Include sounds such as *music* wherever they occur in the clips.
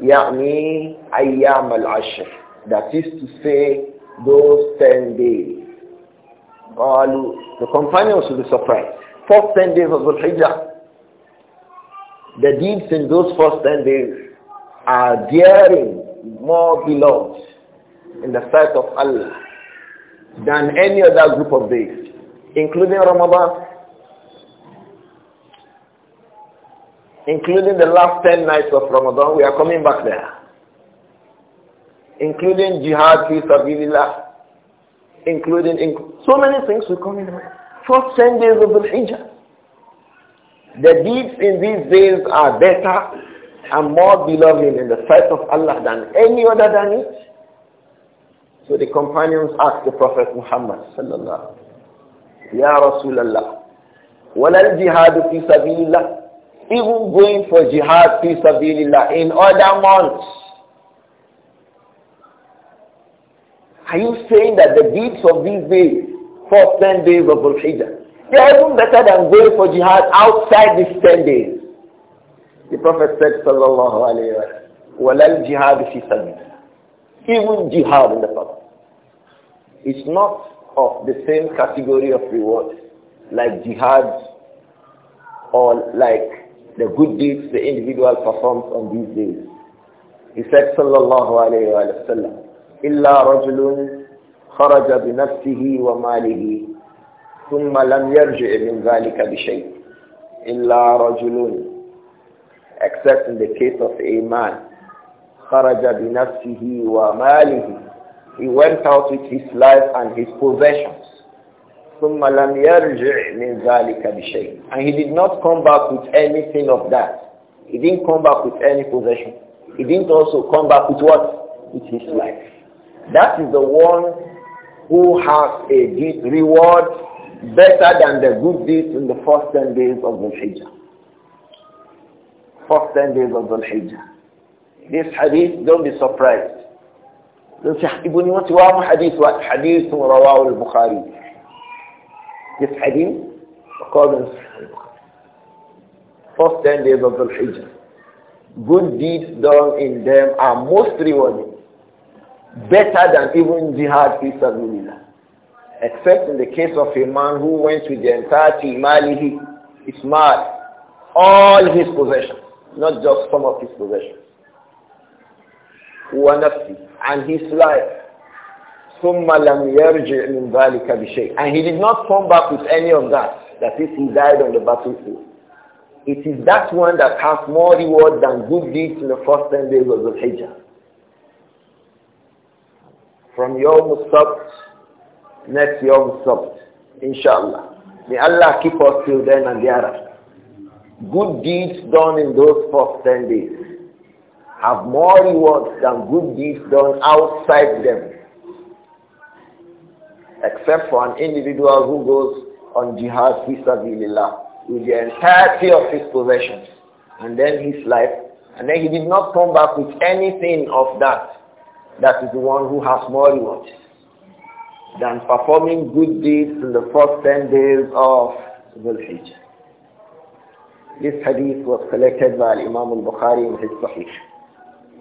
يعني أيام العشر that is to say those 10 days قالوا the companions will be surprised first 10 days of the hijjah the deeds in those first 10 days are daring more beloved in the sight of Allah than any other group of days including Ramadan including the last 10 nights of Ramadan, we are coming back there. Including jihad, fi including, inc so many things will come in the first 10 days of the Hijjah. The deeds in these days are better and more beloved in the sight of Allah than any other than it. So the companions asked the Prophet Muhammad sallallahu Ya Rasulallah, وَلَا الْجِهَادُ فِي fi اللَّهِ even going for jihad fi sabilillah in other months. Are you saying that the deeds of these days, first 10 days of Al-Hijjah, they are even better than going for jihad outside these 10 days? The Prophet said, sallallahu alayhi wa sallam, jihad fi sabilillah. Even jihad in the path. It's not of the same category of reward like jihad or like the good deeds the individual performs on these days. He said, sallallahu alayhi wa sallam, إِلَّا رَجُلٌ خرج بنفسه وماله ثم لم يرجع من ذلك بشيء "Illa رجل except in the case of a man خرج بنفسه وماله he went out with his life and his possessions ثم لم يرجع من ذلك بشيء and he did not come back with anything of that he didn't come back with any possession he didn't also come back with what with his life that is the one who has a deep reward better than the good deeds in the first 10 days of the Hijjah first 10 days of the Hijjah this hadith don't be surprised ibn Mutawam hadith what hadith rawahu al-Bukhari this hadith according to Sahih First 10 days of the Hijjah. Good deeds done in them are most rewarding. Better than even jihad of sabilillah. Except in the case of a man who went with the entirety malihi, ismal, all his possessions, not just some of his possessions. Wanafsi, and his life ثم لم يرجع من ذلك بشيء and he did not come back with any of that that is he died on the battlefield it is that one that has more reward than good deeds in the first 10 days of the Hijjah from Yom Sabt next Yom Sabt inshallah may Allah keep us till then and thereafter good deeds done in those first 10 days have more reward than good deeds done outside them except for an individual who goes on jihad vis-a-vis with the entirety of his possessions and then his life, and then he did not come back with anything of that. That is the one who has more rewards than performing good deeds in the first 10 days of the Hijjah. This hadith was collected by Imam al-Bukhari in his Sahih.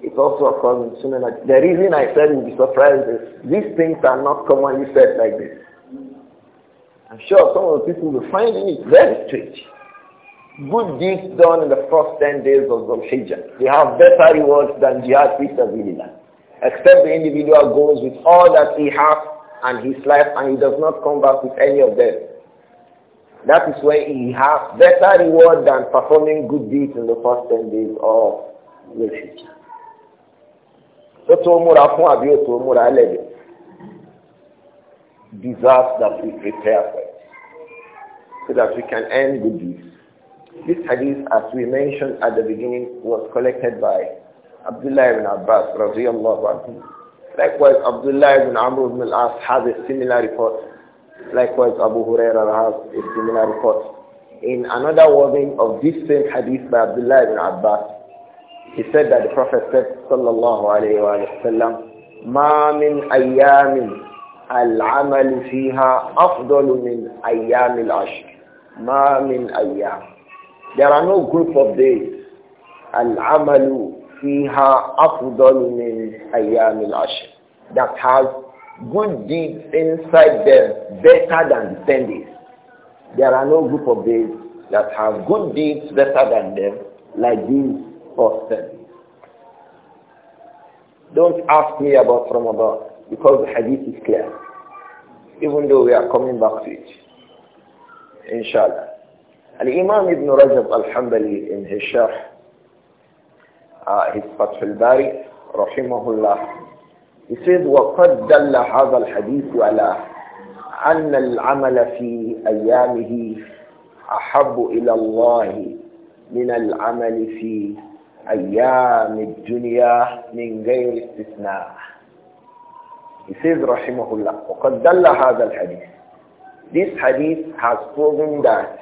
It's also a course in Sunan. The reason I said you'd be surprised is these things are not commonly said like this. I'm sure some of the people will find it very strange. Good deeds done in the first 10 days of Zulhijjah. They have better rewards than jihad fi Except the individual goes with all that he has and his life and he does not come back with any of them. That is why he has better reward than performing good deeds in the first 10 days of Zulhijjah ó tó múra fún àbí ó tó múra lẹ́yìn that we prepare for it so that we can end with this. This hadith, as we mentioned at the beginning, was collected by Abdullah ibn Abbas radiyallahu anhu. Likewise, Abdullah ibn Amr ibn al-As has a similar report. Likewise, Abu Huraira has a similar report. In another wording of this same hadith by Abdullah ibn Abbas, he said that the Prophet said, sallallahu alayhi wa sallam, ما من أيام العمل فيها أفضل من أيام العشر ما من أيام There are no group of days العمل فيها أفضل من أيام العشر that has good deeds inside them better than 10 days. There are no group of days that have good deeds better than them like these discuss them. Don't ask me about Ramadan because the hadith is clear. Even though we are coming back to it. Inshallah. Al-Imam Ibn Rajab Al-Hambali in his Sharh, uh, his Fath al-Bari, rahimahullah, he says, وَقَدْ دَلَّ هَذَا الْحَدِيثُ عَلَىٰ أَنَّ الْعَمَلَ فِي أَيَّامِهِ أَحَبُّ إِلَى اللَّهِ مِنَ الْعَمَلِ فِي أيام الدنيا من غير استثناء يسيد رحمه الله وقد دل هذا الحديث This hadith has proven that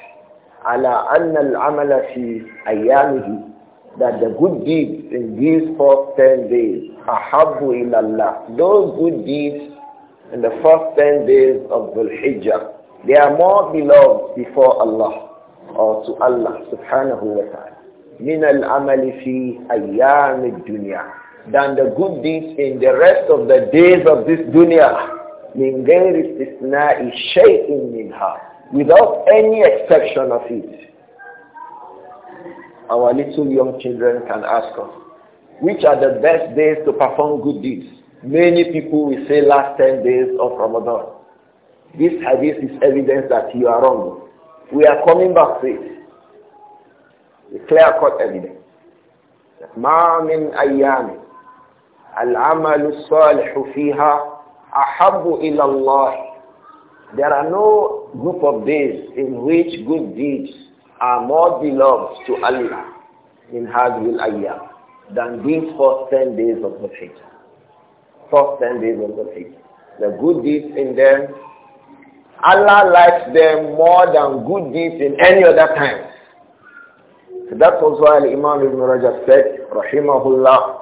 على أن العمل في أيامه that the good deeds in these first 10 days أحب إلى الله Those good deeds in the first 10 days of the Hijjah they are more beloved before Allah or to Allah subhanahu wa ta'ala min al amal fi ayyam ad-dunya than the good deeds in the rest of the days of this dunya min غير استثناء in منها without any exception of it our little young children can ask us which are the best days to perform good deeds many people will say last 10 days of Ramadan this hadith is evidence that you are wrong we are coming back to it the clear-cut evidence. There are no group of days in which good deeds are more beloved to Allah in Hadwil Ayyam than these first 10 days of the Hijjah. First 10 days of the Hijjah. The good deeds in them, Allah likes them more than good deeds in any other time. So that was why Imam Ibn Rajab said, Rahimahullah,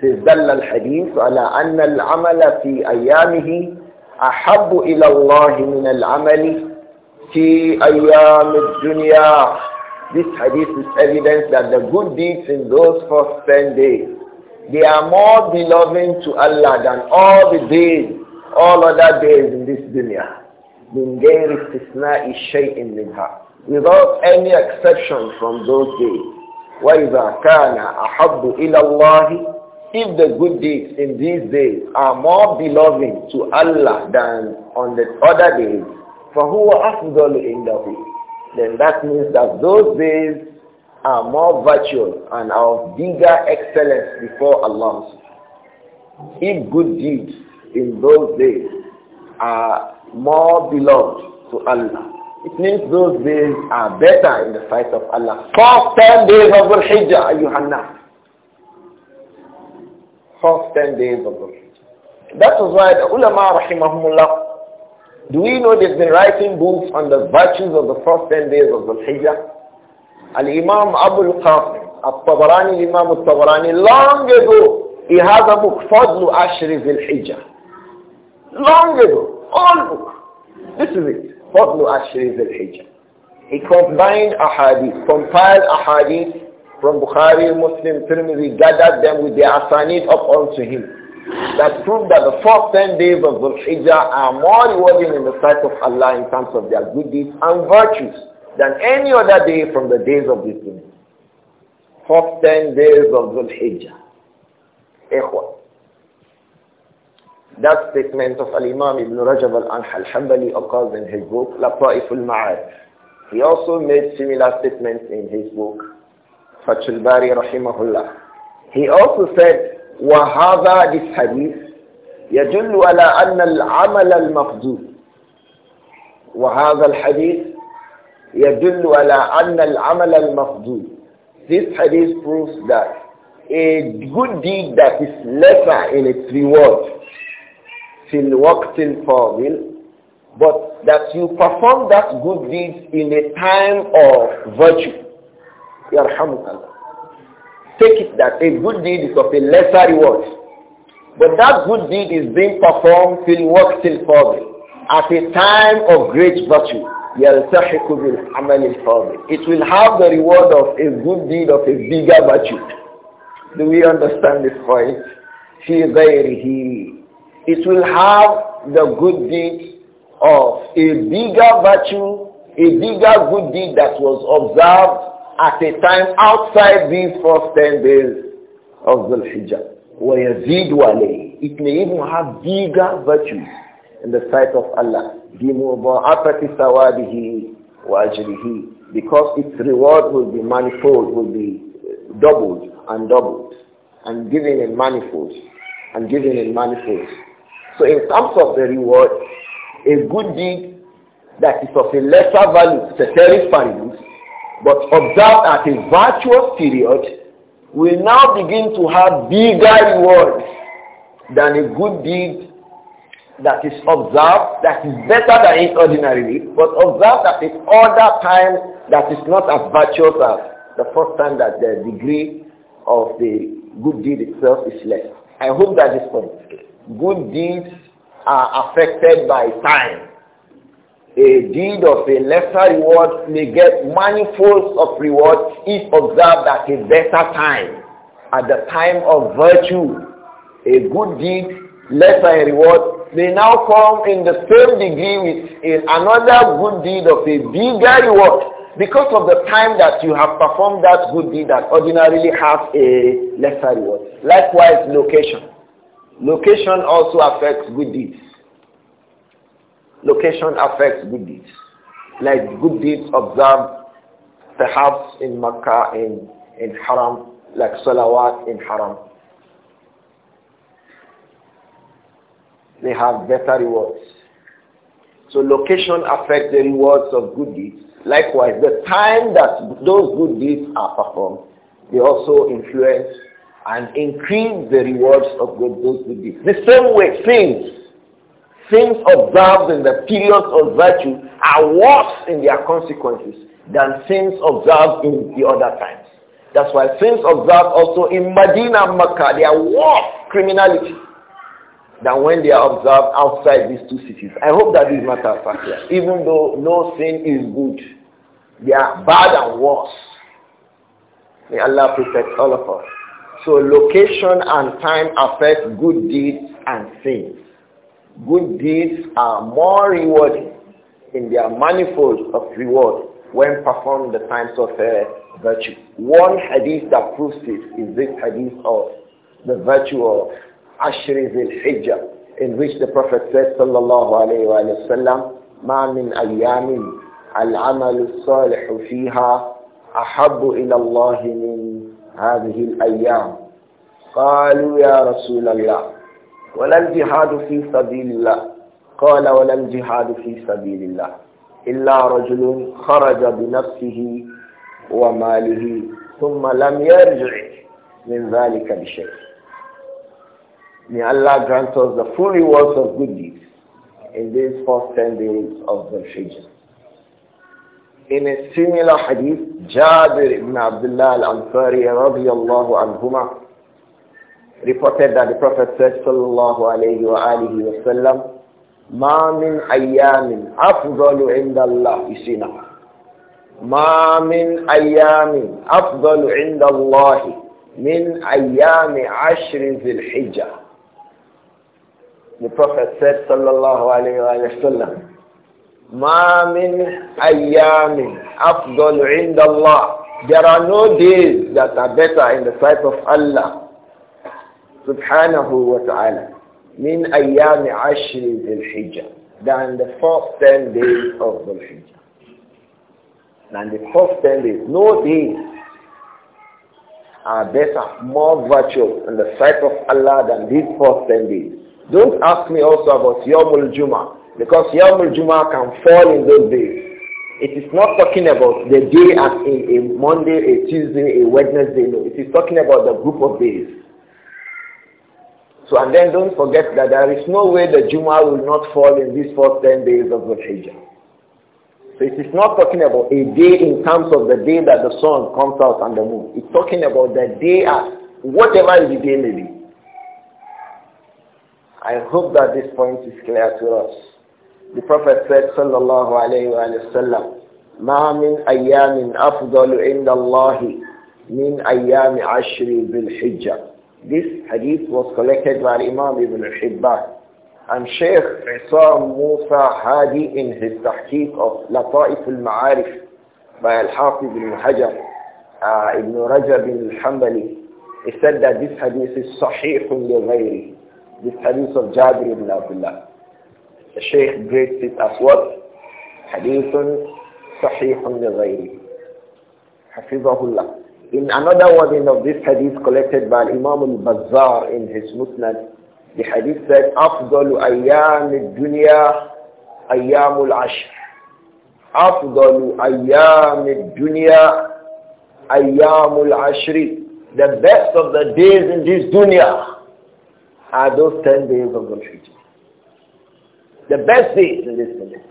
says, دل الحديث على أن العمل في أيامه أحب إلى الله من العمل في أيام الدنيا. This hadith is evidence that the good deeds in those first 10 days, they are more beloved to Allah than all the days, all other days in this dunya. من غير استثناء شيء منها without any exception from those days. وَإِذَا كَانَ أَحَبُّ إِلَى اللَّهِ If the good deeds in these days are more beloved to Allah than on the other days, فَهُوَ أَفْضَلُ إِنْدَهُ Then that means that those days are more virtuous and of bigger excellence before Allah. If good deeds in those days are more beloved to Allah, it means those days are better in the sight of Allah. First 10 days of Dhul Hijjah, Ayyuhanna. First 10 days of Dhul Hijjah. That was why the ulama, rahimahumullah, do we know they've been writing books on the virtues of the first 10 days of Dhul Hijjah? Al-Imam Abu al-Qasim, Al-Tabarani, Imam Al-Tabarani, long ago, he has a book, Fadlu Ashri Dhul Hijjah. Long ago, old book. This is it. فضل عشر ذي الحجة He combined ahadith, compiled ahadith from Bukhari, Muslim, Tirmidhi, gathered them with their asanid up unto him. That proved that the first 10 days of Dhul Hijjah are more rewarding in the sight of Allah in terms of their good deeds and virtues than any other day from the days of this dunya. First 10 days of Dhul Hijjah. Ikhwan. That statement of Al-Imam Ibn Rajab al-Hanbali occurs in his book, Laqa'if al-Ma'ad. He also made similar statements in his book, Fathul Bari rahimahullah. He also said, وَهَذَا this hadith يَدُلُّ عَلَى أَنَّ الْعَمَلَ الْمَفْضُولِ وَهَذَا الْحَدِيث يَدُلُّ عَلَى أَنَّ الْعَمَلَ الْمَفْضُولِ This hadith proves that a good deed that is lesser in its reward work till fadil, but that you perform that good deed in a time of virtue. Take it that a good deed is of a lesser reward. But that good deed is being performed till work till fadil, at a time of great virtue. It will have the reward of a good deed of a bigger virtue. Do we understand this point? there, he it will have the good deed of a bigger virtue, a bigger good deed that was observed at a time outside these first 10 days of the Hijjah. وَيَزِيدُ عَلَيْهِ It may even have bigger virtues in the sight of Allah. بِمُضَاعَفَةِ ثَوَابِهِ وَأَجْرِهِ Because its reward will be manifold, will be doubled and doubled, and given in manifold, and given in manifold. So in terms of the reward, a good deed that is of a lesser value, satiric value, but observed at a virtuous period, will now begin to have bigger rewards than a good deed that is observed, that is better than it ordinarily, but observed at a other time that is not as virtuous as the first time that the degree of the good deed itself is less. I hope that is clear good deeds are affected by time. A deed of a lesser reward may get manifold of reward if observed at a better time, at the time of virtue. A good deed, lesser reward, may now come in the same degree with another good deed of a bigger reward because of the time that you have performed that good deed that ordinarily has a lesser reward. Likewise, location. Location also affects good deeds. Location affects good deeds. Like good deeds observed perhaps in Makkah, in, in Haram, like Salawat in Haram. They have better rewards. So location affects the rewards of good deeds. Likewise, the time that those good deeds are performed, they also influence and increase the rewards of good, those who deeds. The same way things, things observed in the periods of virtue are worse in their consequences than things observed in the other times. That's why things observed also in Medina and Makkah, they are worse criminality than when they are observed outside these two cities. I hope that these matters fact clear. Even though no sin is good, they are bad and worse. May Allah protect all of us. So location and time affect good deeds and sins. Good deeds are more rewarding in their manifold of reward when performed the times of uh, virtue. One hadith that proves this is this hadith of the virtue of Ashri Zil Hijjah in which the Prophet said sallallahu alayhi wasallam, ما من أيام العمل الصالح فيها أحب إلى الله من هذه الأيام قالوا يا رسول الله ولا الجهاد في سبيل الله قال ولا الجهاد في سبيل الله إلا رجل خرج بنفسه وماله ثم لم يرجع من ذلك بشيء May Allah grant us the full rewards of good deeds in these first 10 days of the Hijjah. in a similar hadith, Jabir ibn Abdullah al-Ansari radiyallahu anhuma reported that the Prophet said sallallahu alayhi wa alihi wa sallam ما من أيام أفضل عند الله You see now. ما من أيام أفضل عند الله من أيام عشر The Prophet said sallallahu alayhi wa, alayhi wa sallam ما min أيام أفضل عند الله There are no days that are better in the sight of Allah subhanahu wa ta'ala min ayyam ashri dhul hijjah than the first 10 days of dhul hijjah than the first 10 days no days are better more virtuous in the sight of Allah than these first 10 days don't ask me also about yawmul jum'ah because Yom Juma can fall in those days. It is not talking about the day as a Monday, a Tuesday, a Wednesday. No, it is talking about the group of days. So and then don't forget that there is no way the Juma will not fall in these first 10 days of the Hijjah. So it is not talking about a day in terms of the day that the sun comes out and the moon. It's talking about the day as whatever the day may be. I hope that this point is clear to us. The Prophet said, sallallahu alayhi wa sallam, ما من أيام أفضل عند الله من أيام bil بالحجة. This hadith was collected by Imam Ibn Hibban. And Sheikh Isam Musa Hadi in his tahqiq of Lata'if al-Ma'arif by Al-Hafiz al-Hajar, uh, Ibn Rajab al-Hambali, he said that this hadith is sahih li This hadith of Jabir ibn Abdullah. The Shaykh grades it as what? حديث صحيح لغيره حفظه الله In another wording of this hadith collected by Imam al-Bazzar in his Musnad, the hadith said, أفضل أيام الدنيا أيام العشر أفضل أيام الدنيا أيام العشر The best of the days in this dunya are those 10 days of the future. The best days in this village.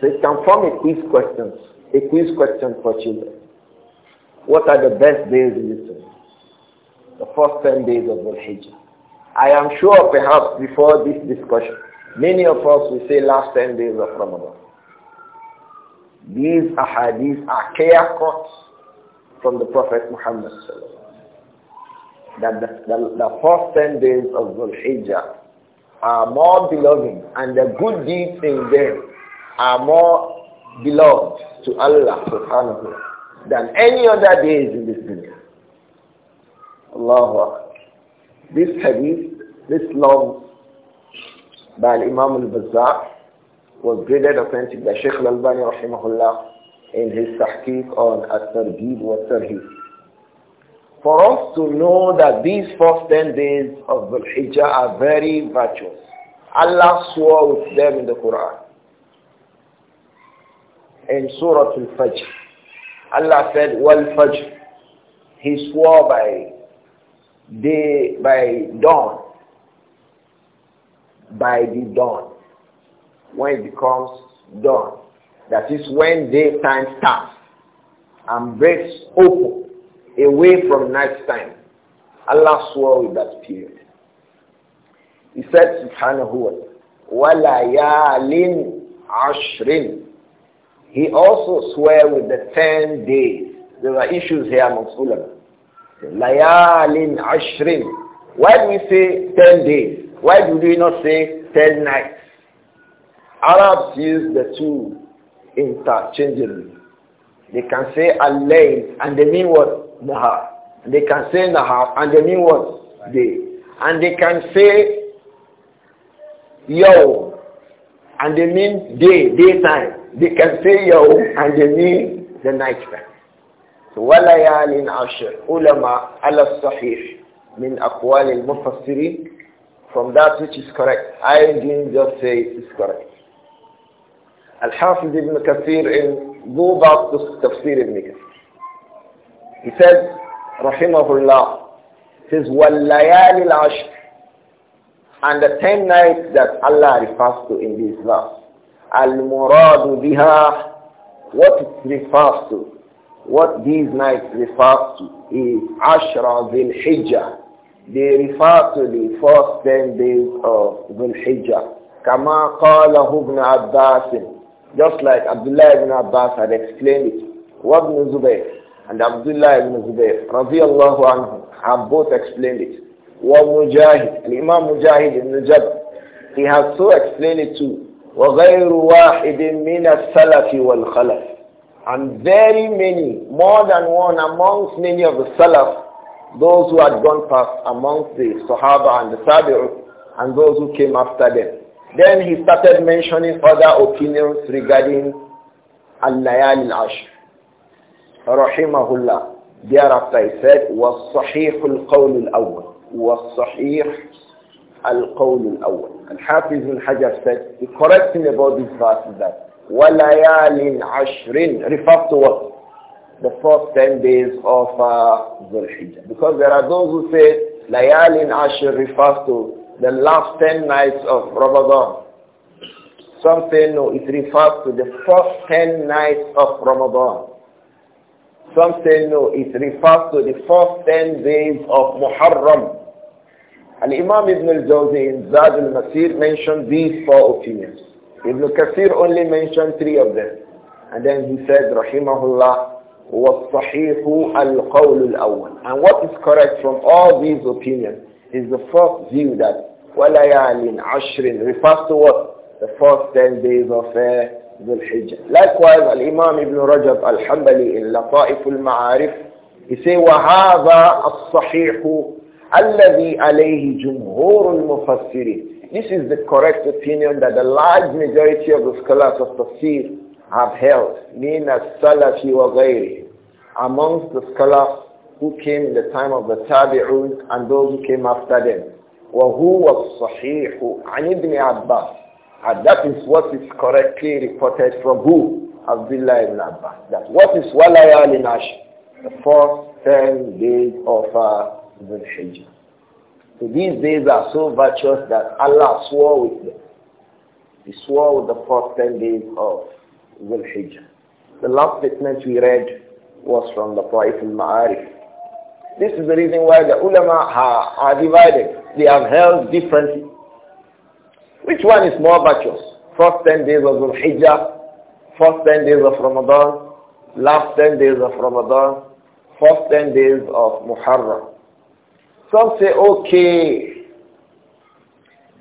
So it can form a quiz question, a quiz question for children. What are the best days in this village? The first 10 days of Dhul Hijjah. I am sure perhaps before this discussion, many of us will say last 10 days of Ramadan. These ahadith are clear cuts from the Prophet Muhammad that the, the, the first 10 days of Dhul Hijjah are more beloved and the good deeds in them are more beloved to Allah subhanahu than any other days in this dunya. Allahu This hadith, this love by Imam al-Bazzar was graded authentic by Sheikh al-Albani rahimahullah in his tahqiq on at-targhib wa tarhib for us to know that these first 10 days of the Hijjah are very virtuous. Allah swore with them in the Quran. In Surah Al-Fajr, Allah said, "Wal Fajr." He swore by day, by dawn, by the dawn, when it becomes dawn. That is when daytime starts and breaks open away from night time. Allah swore with that period. He said, Subhanahu wa Walayalin Ashrin. He also swore with the ten days. There are issues here amongst ulama. Layalin Ashrin. Why do we say ten days? Why do we not say ten nights? Arabs use the two interchangeably. They can say a and they mean what? They can say Nahar and they mean what? Day. And they can say yo and they mean day, daytime. They can say yo and they mean the night time. So وَلَيَالٍ عَشْرٍ ulama عَلَى الصَّحِيحِ min أَقْوَالِ الْمُفَسِّرِينَ From that which is correct. I didn't just say it is correct. Al-Hafiz ibn Kathir in back to Tafsir ibn Kathir. He says, Rahimahullah, says, وَاللَّيَالِ الْعَشْرِ And the ten nights that Allah refers to in this verse, al-muradu biha, what it refers to, what these nights refer to is Ashra Dhul Hijjah. They refer to the first ten days of Dhul Hijjah. Kama qalahu ibn Abbas. Just like Abdullah ibn Abbas had explained it. What ibn Zubayr? and Abdullah ibn Zubayr radiallahu anhu have both explained it. And Imam Mujahid ibn Jabr he has so explained it too وغير and very many more than one amongst many of the salaf those who had gone past amongst the sahaba and the tabi'un and those who came after them then he started mentioning other opinions regarding al-layal al-ashr rahimahullah. Thereafter he said, Was الْقَوْلُ al Qawl al-Awwal. And Hafiz ibn Hajar said, the correct thing about this verse is that وَلَيَالٍ عَشْرٍ refers to what? The first 10 days of uh, Hijjah. Because there are those who say لَيَالٍ refers to the last 10 nights of Ramadan. Some say no, it refers to the first 10 nights of Ramadan. Some say no, it refers to the first 10 days of Muharram. And Imam Ibn al-Jawzi in Zad al-Masir mentioned these four opinions. Ibn Kathir only mentioned three of them. And then he said, Rahimahullah, وَالصَّحِيحُ الْقَوْلُ الْأَوَّلِ And what is correct from all these opinions is the first view that وَلَيَالٍ عَشْرٍ refers to what? The first 10 days of uh, Dhul Hijjah. Likewise, Al-Imam Ibn Rajab Al-Hanbali in Lata'if Al-Ma'arif, he say, وَهَذَا الصَّحِيحُ الَّذِي عَلَيْهِ جُمْهُورُ الْمُفَسِّرِينَ This is the correct opinion that the large majority of the scholars of tafsir have held, meaning مِنَ wa وَغَيْرِهِ Amongst the scholars who came in the time of the Tabi'un and those who came after them. وَهُوَ الصَّحِيحُ عَنِ ابْنِ عَبَّاسِ and that is what is correctly reported from who? Abdullah ibn Abbas. That what is Walaya al The first 10 days of uh, the So these days are so virtuous that Allah swore with them. He swore with the first 10 days of Dhul The last statement we read was from the Prophet al-Ma'arif. This is the reason why the ulama are, are divided. They have held differently. Which one is more virtuous? First 10 days of Dhul first 10 days of Ramadan, last 10 days of Ramadan, first 10 days of Muharram. Some say, okay,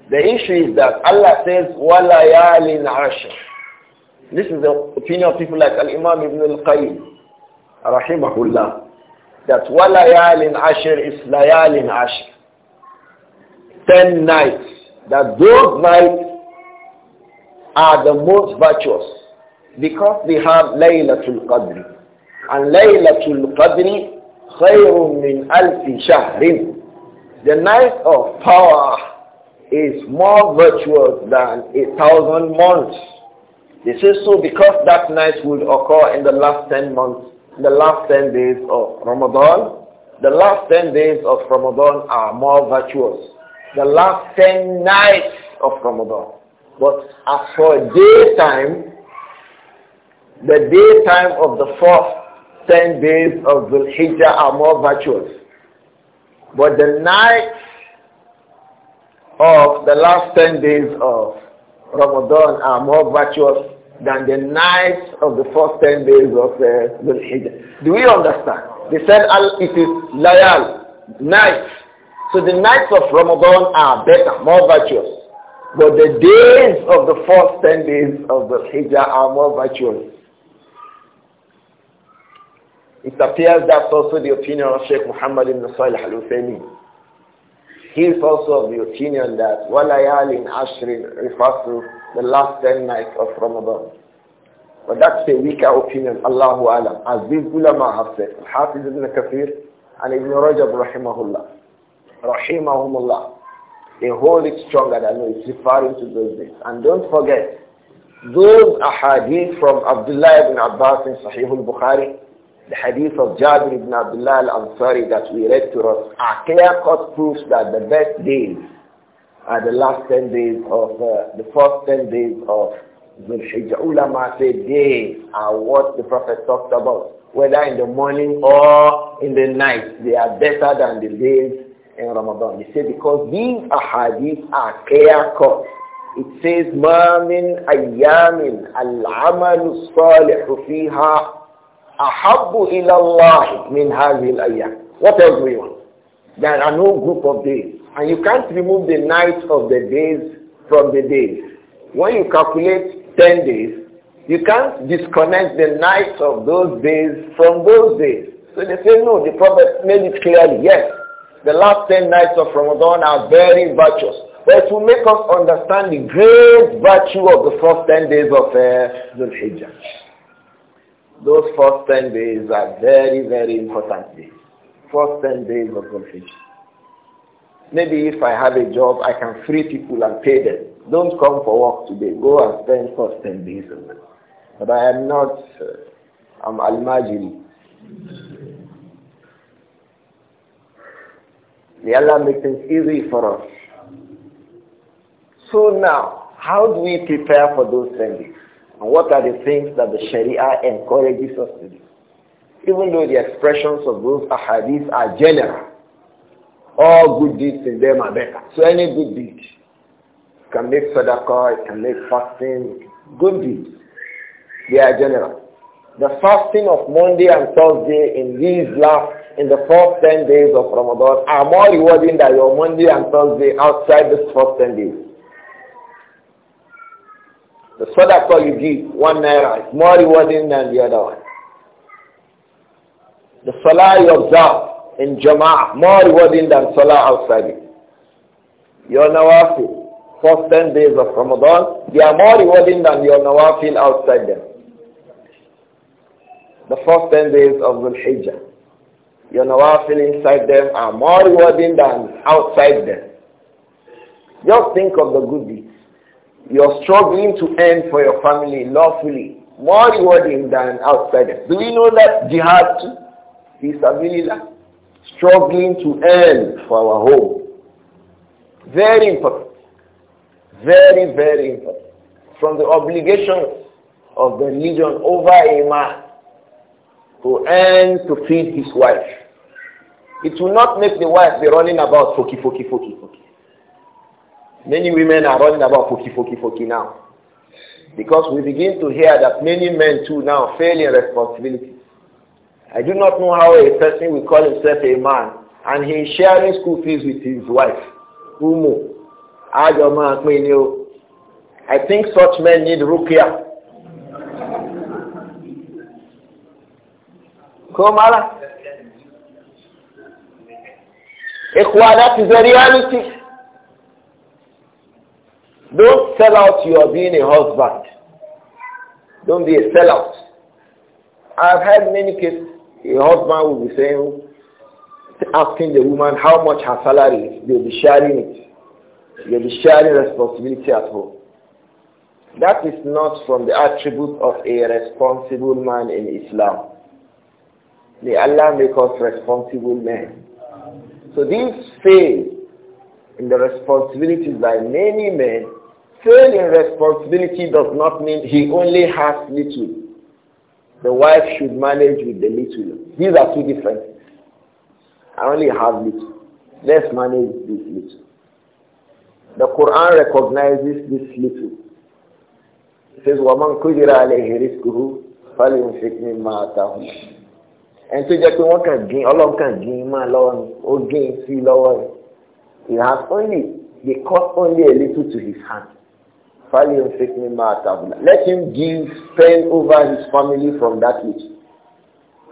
the issue is that Allah says, وَلَيَالٍ عَشْرٍ This is the opinion of people like Al-Imam Ibn Al-Qayyim, rahimahullah, that وَلَيَالٍ عَشْرٍ is لَيَالٍ عَشْرٍ Ten nights that those nights are the most virtuous because they have Laylatul Qadr. And Laylatul Qadr khayrun min alfi shahrin. The night of power is more virtuous than a thousand months. They say so because that night would occur in the last 10 months, the last 10 days of Ramadan. The last 10 days of Ramadan are more virtuous the last 10 nights of Ramadan. But as for daytime, the daytime of the first 10 days of Dhul Hijjah are more virtuous. But the night of the last 10 days of Ramadan are more virtuous than the nights of the first 10 days of uh, Dhul Hijjah. Do we understand? They said it is layal, night. So the nights of Ramadan are better, more virtuous. But the days of the first 10 days of the Hijjah are more virtuous. It appears that's also the opinion of Sheikh Muhammad ibn Salih al-Uthaymeen. He is also of the opinion that Walayal in Ashrin refers to the last 10 nights of Ramadan. But that's a weaker opinion, Allahu Alam. As these ulama have said, Hafiz ibn Kafir and Ibn Rajab rahimahullah rahimahumullah. They hold it stronger than me. It's referring to those days. And don't forget, those ahadith from Abdullah ibn Abbas in Sahih al-Bukhari, the hadith of Jabir ibn Abdullah al-Ansari that we read to us, are clear-cut proofs that the best days are the last 10 days of, uh, the first 10 days of Zulhijjah. Ulama say days are what the Prophet talked about. Whether in the morning or in the night, they are better than the days in Ramadan. He said because these ahadith are clear cut. It says, مَا مِنْ أَيَّامٍ الْعَمَلُ الصَّالِحُ فِيهَا أَحَبُّ إِلَى اللَّهِ مِنْ هَذِهِ الْأَيَّامِ What else do you want? There are no group of days. And you can't remove the night of the days from the days. When you calculate 10 days, you can't disconnect the night of those days from those days. So they say, no, the Prophet made it clearly, yes, the last 10 nights of Ramadan are very virtuous. But it will make us understand the great virtue of the first 10 days of uh, Hijjah. Those first 10 days are very, very important days. First 10 days of Dhul Hijjah. Maybe if I have a job, I can free people and pay them. Don't come for work today. Go and spend first 10 days of But I am not, uh, I'm Al-Majiri. The Allah makes it easy for us. So now, how do we prepare for those things? And what are the things that the Sharia encourages us to do? Even though the expressions of those ahadith are general, all good deeds in them are better. So any good deed can make sadaqah, it can make fasting, good deeds. They are general. The fasting of Monday and Thursday in these last in the first 10 days of Ramadan are more rewarding than your Monday and Thursday outside this first 10 days. The sadaqah you give, one naira, is more rewarding than the other one. The salah you observe in jama'ah, more rewarding than salah outside it. Your nawafil, first 10 days of Ramadan, they are more rewarding than your nawafil outside them. The first 10 days of Dhul Hijjah your nawafil inside them are more rewarding than outside them. Just think of the good deeds. You're struggling to earn for your family lawfully, more rewarding than outside them. Do we know that jihad is a struggling to earn for our home. Very important. Very, very important. From the obligations of the religion over a man to earn to feed his wife. It will not make the wife be running about foki foki foki foki. Many women are running about foki foki foki now. Because we begin to hear that many men too now fail in responsibility. I do not know how a person will call himself a man and he is sharing school fees with his wife. Umu. I think such men need rukia. Komala. that is the reality. Don't sell out your being a husband. Don't be a sellout. I've had many cases. A husband will be saying, asking the woman how much her salary is. They'll be sharing it. They'll be sharing responsibility at home. That is not from the attribute of a responsible man in Islam. May Allah make us responsible men. So this fail in the responsibilities by many men. Fail in responsibility does not mean he only has little. The wife should manage with the little. These are two different things. I only have little. Let's manage this little. The Quran recognizes this little. It says, وَمَنْ قُدِرَ عَلَيْهِ رِزْقُهُ فَلْيُنْفِقْ مِمَّا آتَاهُ ẹni tó jẹ́ pé wọ́n kàn gé ọlọ́run kàn gé máa lọ́wọ́ ni ó gé sí lọ́wọ́ ni he has only he cut only a little to his hand fali take fake me ma tabula let him give pen over his family from that little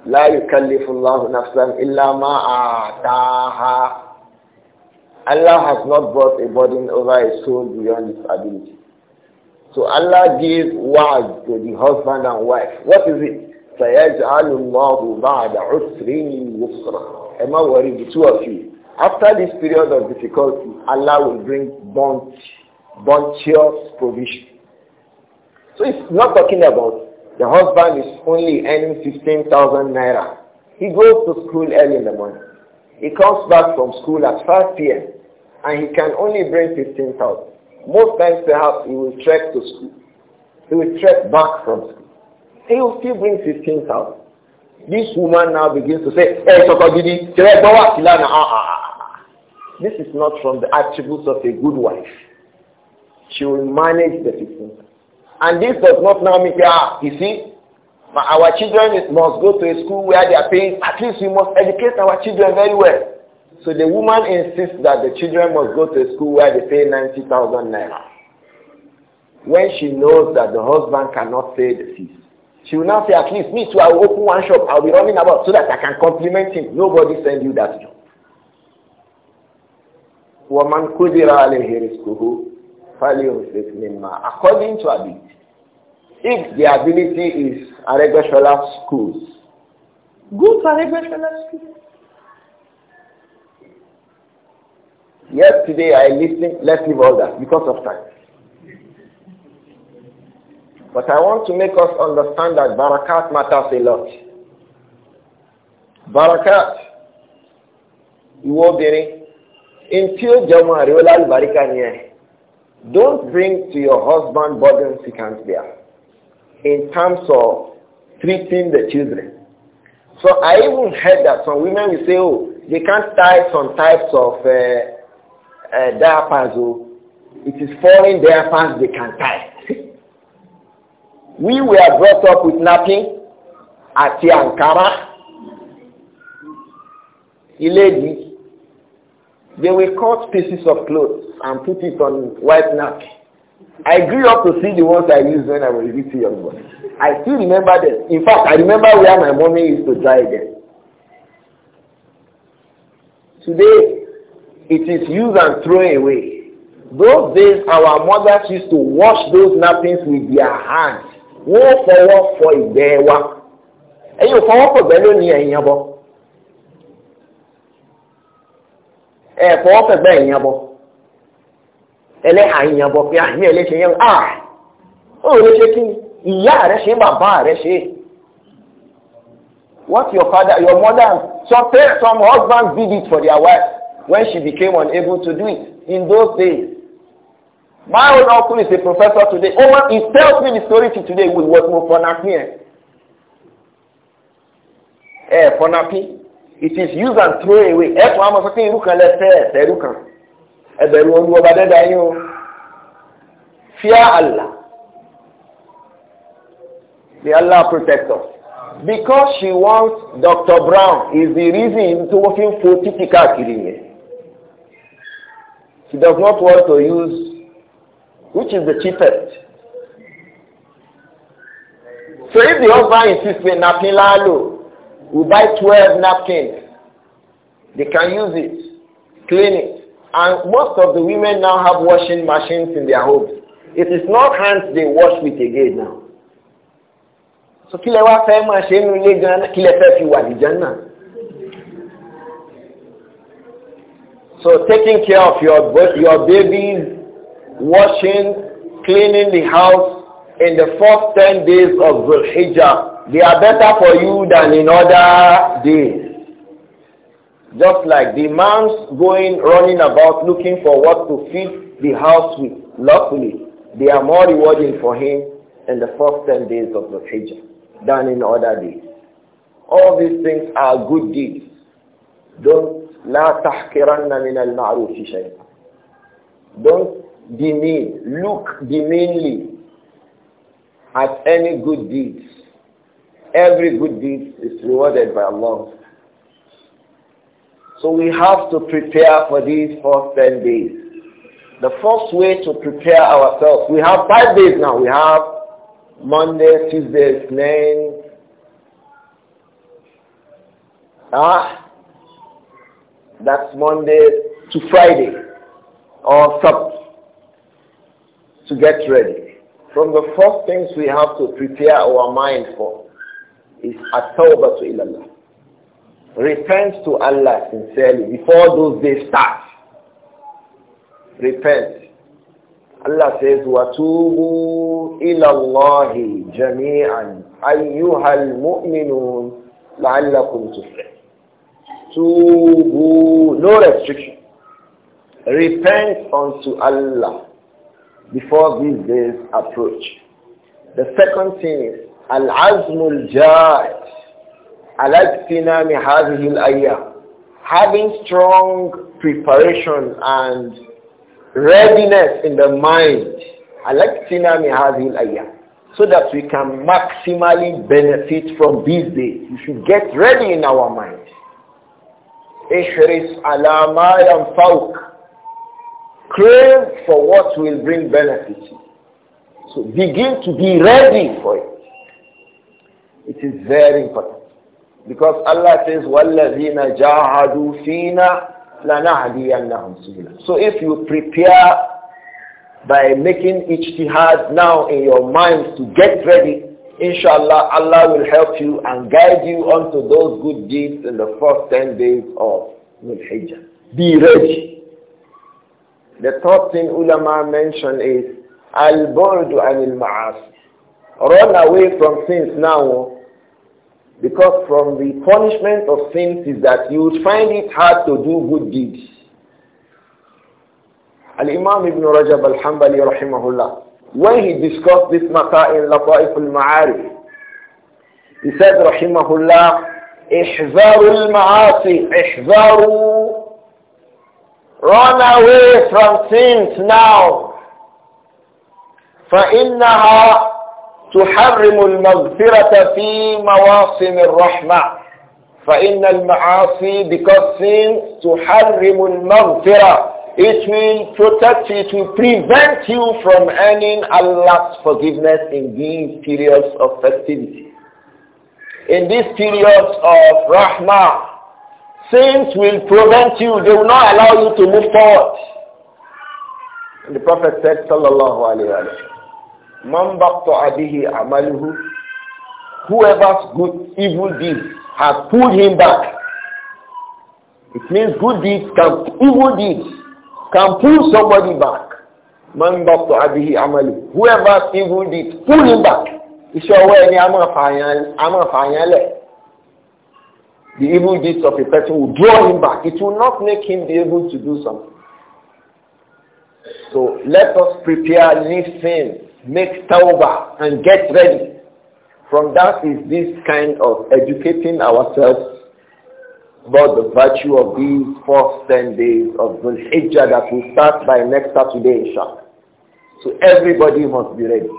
la yukallifu allahu nafsan illa ma ataha allah has not brought a burden over a soul beyond his ability so allah gives word to the husband and wife what is it سَيَجْعَلُ اللَّهُ بَعْدَ عُسْرٍ يُسْرًا Am I worried? about you. After this period of difficulty, Allah will bring bunch, bunchous provision. So it's not talking about the husband is only earning 15,000 naira. He goes to school early in the morning. He comes back from school at 5 p.m. and he can only bring 15,000. Most times perhaps he will trek to school. He will trek back from school he will still bring 15,000. This woman now begins to say, hey, eh, Sokogidi, ah, ah, ah, this is not from the attributes of a good wife. She will manage the 15,000. And this does not now mean, ah, you see, our children must go to a school where they are paying. At least we must educate our children very well. So the woman insists that the children must go to a school where they pay 90,000 naira. When she knows that the husband cannot pay the fees. She will now say, at least me too, I will open one shop, I'll be running about so that I can compliment him. Nobody send you that job. وَمَنْ قُدِرَ عَلَيْهِ رِزْقُهُ فَلْيُنْفِقْ مِمَّا According to ability, if the ability is Aregoshola schools, go to Aregoshola schools. Yesterday I listened, let's leave all that because of time. But I want to make us understand that barakat matters a lot. Barakat, ìwọ obìnrin, in tí do Don't bring to your husband burdens he can't bear in terms of treating the children. So I even heard that some women will say, oh, they can't tie some types of uh, uh, diapers. Oh, it is falling diapers they can tie. We were brought up with napping àti àǹkárá. ladies. They will cut pieces of clothes and put it on white napkin. I grew up to see the ones I used when I was a little young boy. I still remember them. In fact, I remember where my mommy used to dry them. Today, it is used and thrown away. Those days, our mothers used to wash those nappies with their hands. wọ́n fọwọ́ fọ ìgbẹ́ wa ẹ̀yin ò fọwọ́ fọ ìgbẹ́ lónìí ẹ̀yin yẹn bọ́ ẹ̀ fọwọ́ fọ ìgbẹ́ ẹ̀yin ah, yẹn bọ́ ẹlẹ́hàá yẹn bọ́ pé àyìn ẹlẹ́ṣẹ̀ yẹn à ó lè ṣe kí ìyá rẹ ṣe bàbá rẹ ṣe what your father your mother some parents some husbands did it for their wife when she became unable to do it in those days My old uncle is a professor today. Omar, oh, he tells me the story to today with what for Fonapi. Eh, for Fonapi. It is use and throw away. Eh, Ẹ tún àmọ́ sọ pé say, say lẹ́sẹ̀ ẹ̀sẹ̀rú kan. Ẹbẹ̀rù olú ọba there, there you Fear Allah. May Allah protect us. Because she wants Dr. Brown is the reason to working for Titika Kiri. She does not want to use Which is the cheapest? So if the husband insists on napkin lalo, we buy 12 napkins. They can use it, clean it. And most of the women now have washing machines in their homes. It is not hands they wash with again now. So kilewa fair machine, wá fẹ́ máa So taking care of your, your babies washing, cleaning the house in the first 10 days of Zulhijjah. They are better for you than in other days. Just like the man's going running about looking for what to feed the house with. Luckily, they are more rewarding for him in the first 10 days of Zulhijjah than in other days. All these things are good deeds. Don't لا تحكرن من المعروف شيئا. Don't demean, look demeanly at any good deeds. Every good deed is rewarded by Allah. So we have to prepare for these first 10 days. The first way to prepare ourselves, we have five days now. We have Monday, Tuesday, Wednesday, ah, that's Monday to Friday or Sabbath to get ready. From the first things we have to prepare our mind for is at-tawbah to ilallah. Repent to Allah sincerely before those days start. Repent. Allah says, وَتُوبُوا إِلَى اللَّهِ جَمِيعًا أَيُّهَا الْمُؤْمِنُونَ لَعَلَّكُمْ تُفْلِحُونَ Tubu, no restriction. Repent unto Allah before these days approach. The second thing is al-azmul الجاد على اغتنام hasil الأيام having strong preparation and readiness in the mind على اغتنام hasil الأيام so that we can maximally benefit from these days. We should get ready in our mind. احرص على ما Crave for what will bring benefit. So begin to be ready for it. It is very important. Because Allah says, وَالَّذِينَ جَاهَدُوا فِينَا لَنَهْدِيَنَّهُمْ سُبُلًا So if you prepare by making ijtihad now in your mind to get ready, inshallah Allah will help you and guide you onto those good deeds in the first 10 days of Dhul Be ready. The third thing ulama mentioned is al-burdu anil ma'asi. Run away from sins now because from the punishment of sins is that you would find it hard to do good deeds. Al-Imam Ibn Rajab al-Hambali rahimahullah, when he discussed this matter in Lataif al-Ma'arif, he said rahimahullah, احذروا المعاصي احذروا Run away from sins now. فإنها تحرم المغفرة في مواسم الرحمة فإن المعاصي because sins تحرم المغفرة it will protect you, it will prevent you from earning Allah's forgiveness in these periods of festivity. In these periods of Rahmah, Sins will prevent you. They will not allow you to move forward. And the Prophet said, Sallallahu Alaihi Wasallam, Man adihi amaluhu, whoever's good evil deeds has pulled him back. It means good deeds can, evil deeds can pull somebody back. Man adihi amaluhu, whoever's evil deeds pull him back. Iṣẹ́ ọwọ́ ẹni a máa fààyàn lẹ̀ the evil deeds of a person will draw him back. It will not make him be able to do something. So let us prepare, listen, make tawbah and get ready. From that is this kind of educating ourselves about the virtue of these first 10 days of the Hijjah that will start by next Saturday, inshallah. So everybody must be ready.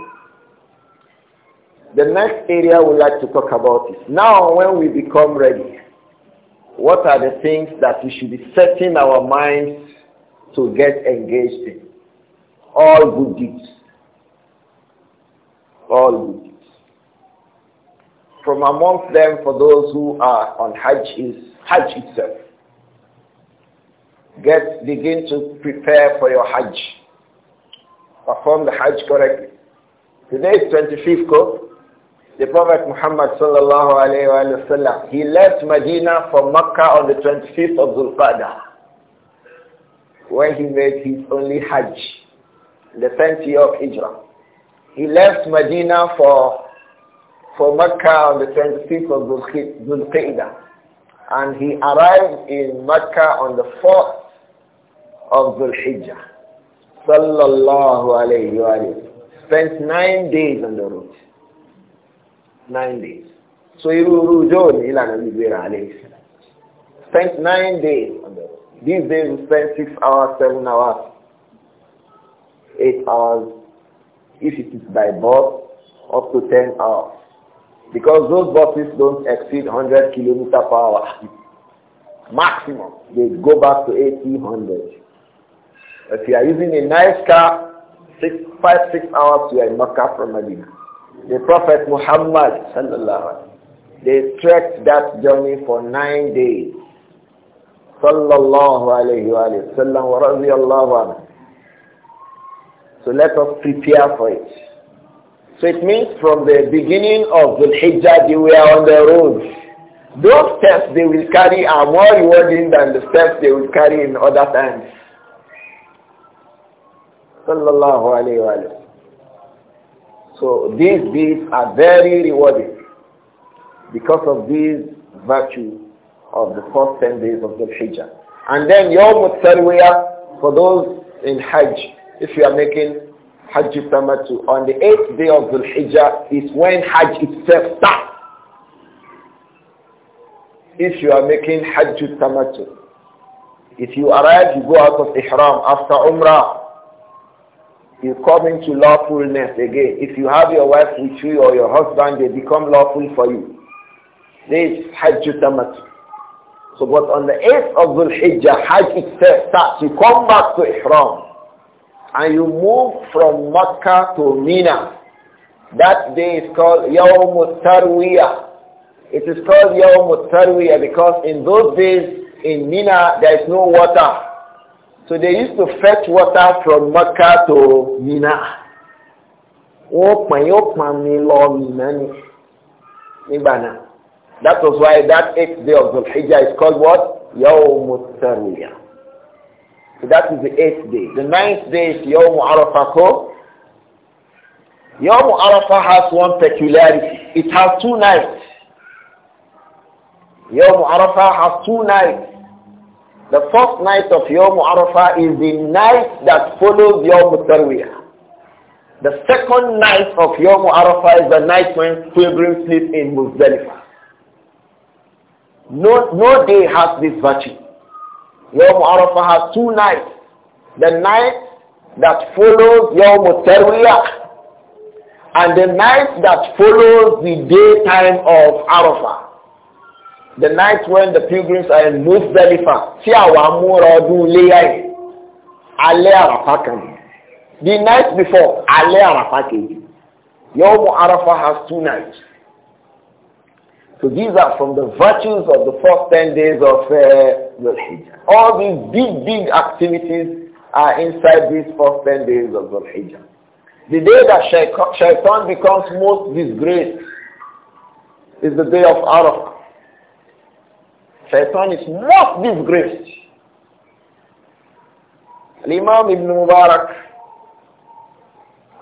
The next area we like to talk about is now when we become ready, what are the things that we should be setting our minds to get engaged in? All good deeds. All good deeds. From amongst them, for those who are on Hajj, is Hajj itself. Get, begin to prepare for your Hajj. Perform the Hajj correctly. Today is 25th, the Prophet Muhammad sallallahu alayhi wa sallam, he left Medina for Mecca on the 25th of Zulqadah when he made his only Hajj, the 10th year of Hijrah. He left Medina for, for Mecca on the 25th of Zulqadah and he arrived in Mecca on the 4th of Zulhijjah. Sallallahu alayhi wa Spent nine days on the route nine days. So Iru join Ilan Ibira spent nine days on the These days we spend six hours, seven hours, eight hours, if it is by bus, up to ten hours. Because those buses don't exceed 100 kilometers per hour. Maximum. They go back to 80, 100. If you are using a nice car, six, five, six hours you are in Makkah from Medina. The Prophet Muhammad sallallahu they trekked that journey for nine days. Sallallahu alayhi wa sallam wa radiallahu anhu. So let us prepare for it. So it means from the beginning of the Hijjah they were on the road. Those steps they will carry are more rewarding than the steps they will carry in other times. Sallallahu alayhi wa so these deeds are very rewarding because of these virtues of the first 10 days of the Hijjah. And then Yawm al for those in Hajj, if you are making Hajj Tamatu, on the 8th day of the Hijjah is when Hajj itself starts. If you are making Hajj Tamatu, if you arrive, you go out of Ihram after Umrah, you come into lawfulness again. If you have your wife with you or your husband, they become lawful for you. This Hajj Tamat. So but on the 8th of Dhul Hijjah, Hajj itself starts. You come back to Ihram and you move from Makkah to Mina. That day is called Yawm Tarwiyah. It is called Yawm Tarwiyah because in those days in Mina there is no water. So they used to fetch water from Mecca to Mina. That was why that eighth day of Zulhijjah is called what? Yawm Tarwiyah. So that is the eighth day. The ninth day is Yawm Arafah Yom Yawm Arafah has one peculiarity. It has two nights. Yawm Arafah has two nights. The first night of Yom Arafah is the night that follows Yom Tarwiyah. The second night of Yom Arafah is the night when pilgrims sleep in Muzdalifah. No, no day has this virtue. Yom Arafah has two nights. The night that follows Yom Tarwiyah and the night that follows the daytime of Arafah the night when the pilgrims are in Muzdalifah, tí àwọn amúra ọdún léyà yìí, alẹ́ àràfá kan The night before, alẹ́ àràfá kejì. Yom Arafah has two nights. So these are from the virtues of the first 10 days of uh, Hijjah. All these big, big activities are inside these first 10 days of Dhul Hijjah. The day that shaitan becomes most disgraced is the day of Arafah. Shaitan is most disgraced. imam Ibn Mubarak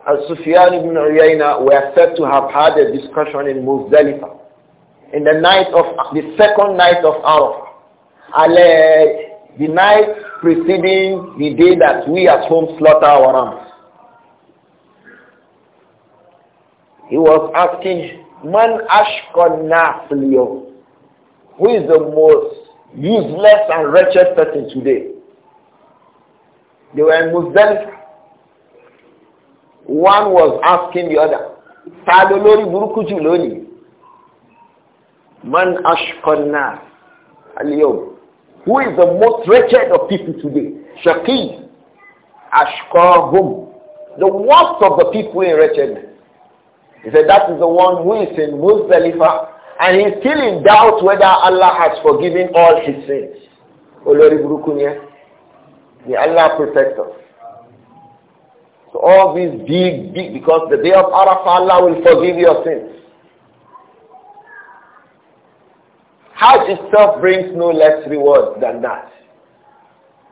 and Sufyan Ibn Uyayna were said to have had a discussion in Muzdalifah in the night of the second night of Arafah. the night preceding the day that we at home slaughter our rams. He was asking, Man ashkon nas who is the most useless and wretched person today? They were in One was asking the other, Tado lori loni. Man ashkona aliyom." Who is the most wretched of people today? Shaqi. Ashqahum. The worst of the people in wretchedness. He said that is the one who is in Muzdalifah and he's still in doubt whether Allah has forgiven all his sins. Olori Burukunya. May Allah protect us. So all these big, big, because the day of Arafah, Allah will forgive your sins. Hajj itself brings no less reward than that.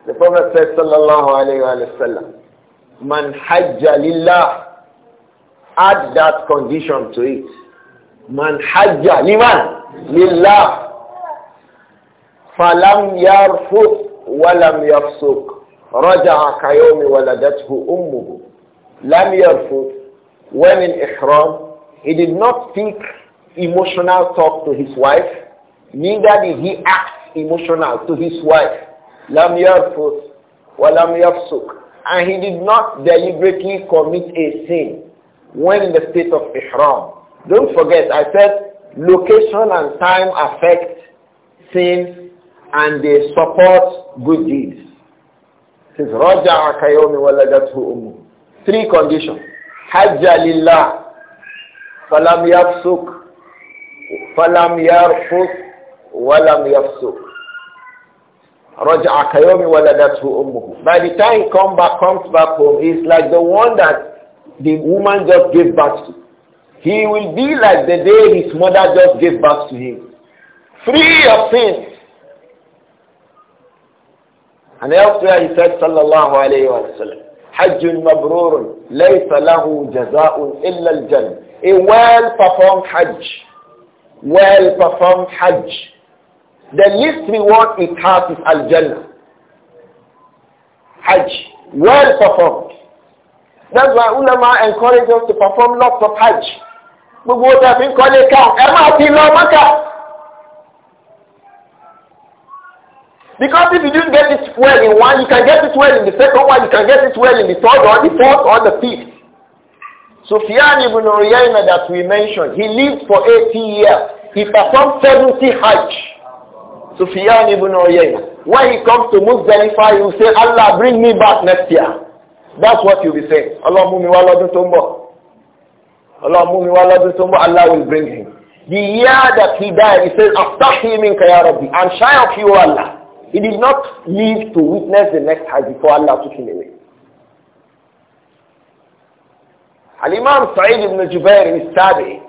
The Prophet said, sallallahu alayhi wasallam, manhaj man hajja lillah, add that condition to it. Man hajja liman lillah falam yarfut walam yafsuk raja'a kayomi waladathu ummuhu lam yarfut when in ihram he did not speak emotional talk to his wife neither did he act emotional to his wife lam yarfut walam yafsuk and he did not deliberately commit a sin when in the state of ihram don't forget, I said location and time affect sins and they support good deeds. Says Raja Akayomi Waladathu Umu. Three conditions. Hajja lillah. Falam yafsuk. Falam yarfus. Walam yafsuk. Raja Akayomi Waladathu Umuhu. By the time he come back, comes back home, he's like the one that the woman just gave birth to. He will be like the day his mother just gave birth to him. Free of sin. And elsewhere he said, sallallahu alayhi wa sallam, حج مبرور ليس له جزاء إلا الجنة. A well-performed Hajj. Well-performed Hajj. The least reward it has is Al-Jannah. Hajj. Well performed. That's why ulama encourage us to perform lots of Hajj gbogbo tàbí kọ́lé ká ẹ máa ti lọ mọ́kà. Because if you didn't get it well in one, you can get it well in the second one, you can get it well in the third or the fourth or the fifth. Sufyan ibn Uyayna that we mentioned, he lived for 80 years. He performed 70 Hajj. Sufyan ibn Uyayna. When he comes to Muzdalifa, he will say, Allah, bring me back next year. That's what you'll be saying. Allah mú wá lọ́dún Allah move me Allah will bring him. The year that he died, he says, Astaghfi minka ya Rabbi, I'm shy of you, Allah. He did not live to witness the next Hajj before Allah took him away. Al-Imam Sa'id ibn Jubair is Tabi.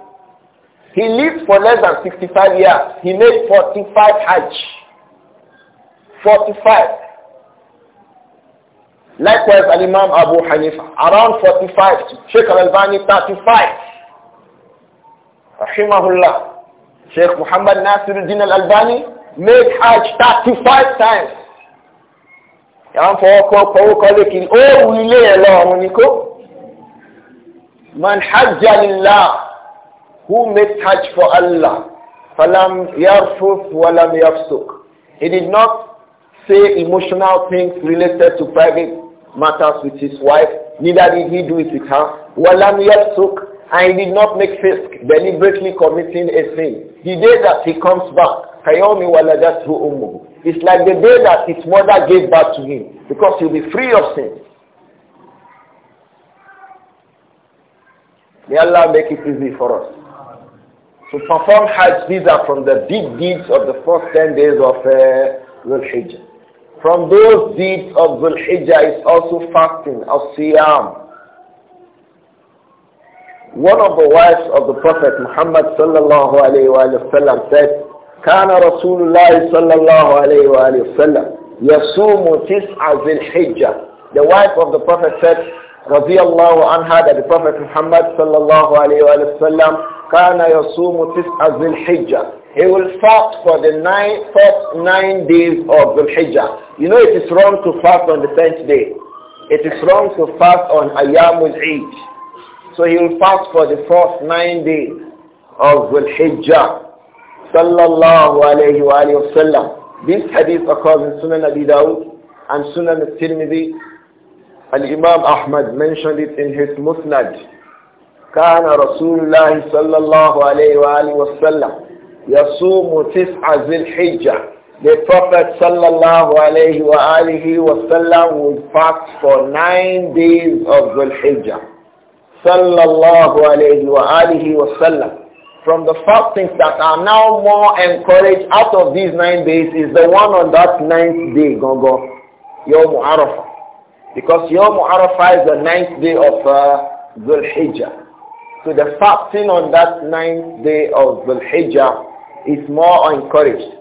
He lived for less than 65 years. He made 45 Hajj. 45. Likewise, Al Imam Abu Hanifa, around 45, Sheikh Al Albani 35. Rahimahullah. Sheikh Muhammad Nasiruddin Al Albani made Hajj 35 times. Yàrá ń fọwọ́ kọ́ pọ̀wọ́ kọ́lé ó wù ẹ̀ lọ ọ̀run Man hajja who made hajj for Allah, falam yarfuf walam yafsuk. He did not say emotional things related to private matters with his wife, neither did he do it with her. وَلَمْ يَفْسُقْ and he did not make fisk, deliberately committing a sin. The day that he comes back, Kayomi Waladathu Ummuhu. It's like the day that his mother gave birth to him, because he'll be free of sin. May Allah make it easy for us. To perform Hajj, these are from the big deeds of the first 10 days of uh, Dhul Hijjah. From those deeds of Dhul Hijjah is also fasting, of Siyam. One of the wives of the Prophet Muhammad sallallahu alayhi wa sallam said, كان رسول الله صلى الله عليه وآله وسلم يصوم تسعة ذي الحجة The wife of the Prophet said, رضي الله عنها that the Prophet Muhammad صلى الله عليه وآله وسلم كان يصوم تسعة ذي الحجة he will fast for the nine, first nine days of the Hijjah. You know it is wrong to fast on the tenth day. It is wrong to fast on Ayyamul Eid. So he will fast for the first nine days of the Hijjah. Sallallahu alayhi wa, alayhi wa sallam. This hadith occurs in Sunan Abi Dawud and Sunan al-Tirmidhi. Al-Imam Ahmad mentioned it in his Musnad. كان رسول الله صلى الله عليه وآله وسلم يصوم تسعة ذي الحجة the Prophet sallallahu alayhi wa alihi wasallam would fast for nine days of Dhul Hijjah. Sallallahu alayhi wa alihi wasallam. From the fastings that are now more encouraged out of these nine days is the one on that ninth day, Gongo, Yom Arafah. Because Yom Arafah is the ninth day of uh, Hijjah. So the fasting on that ninth day of Dhul Hijjah is more encouraged.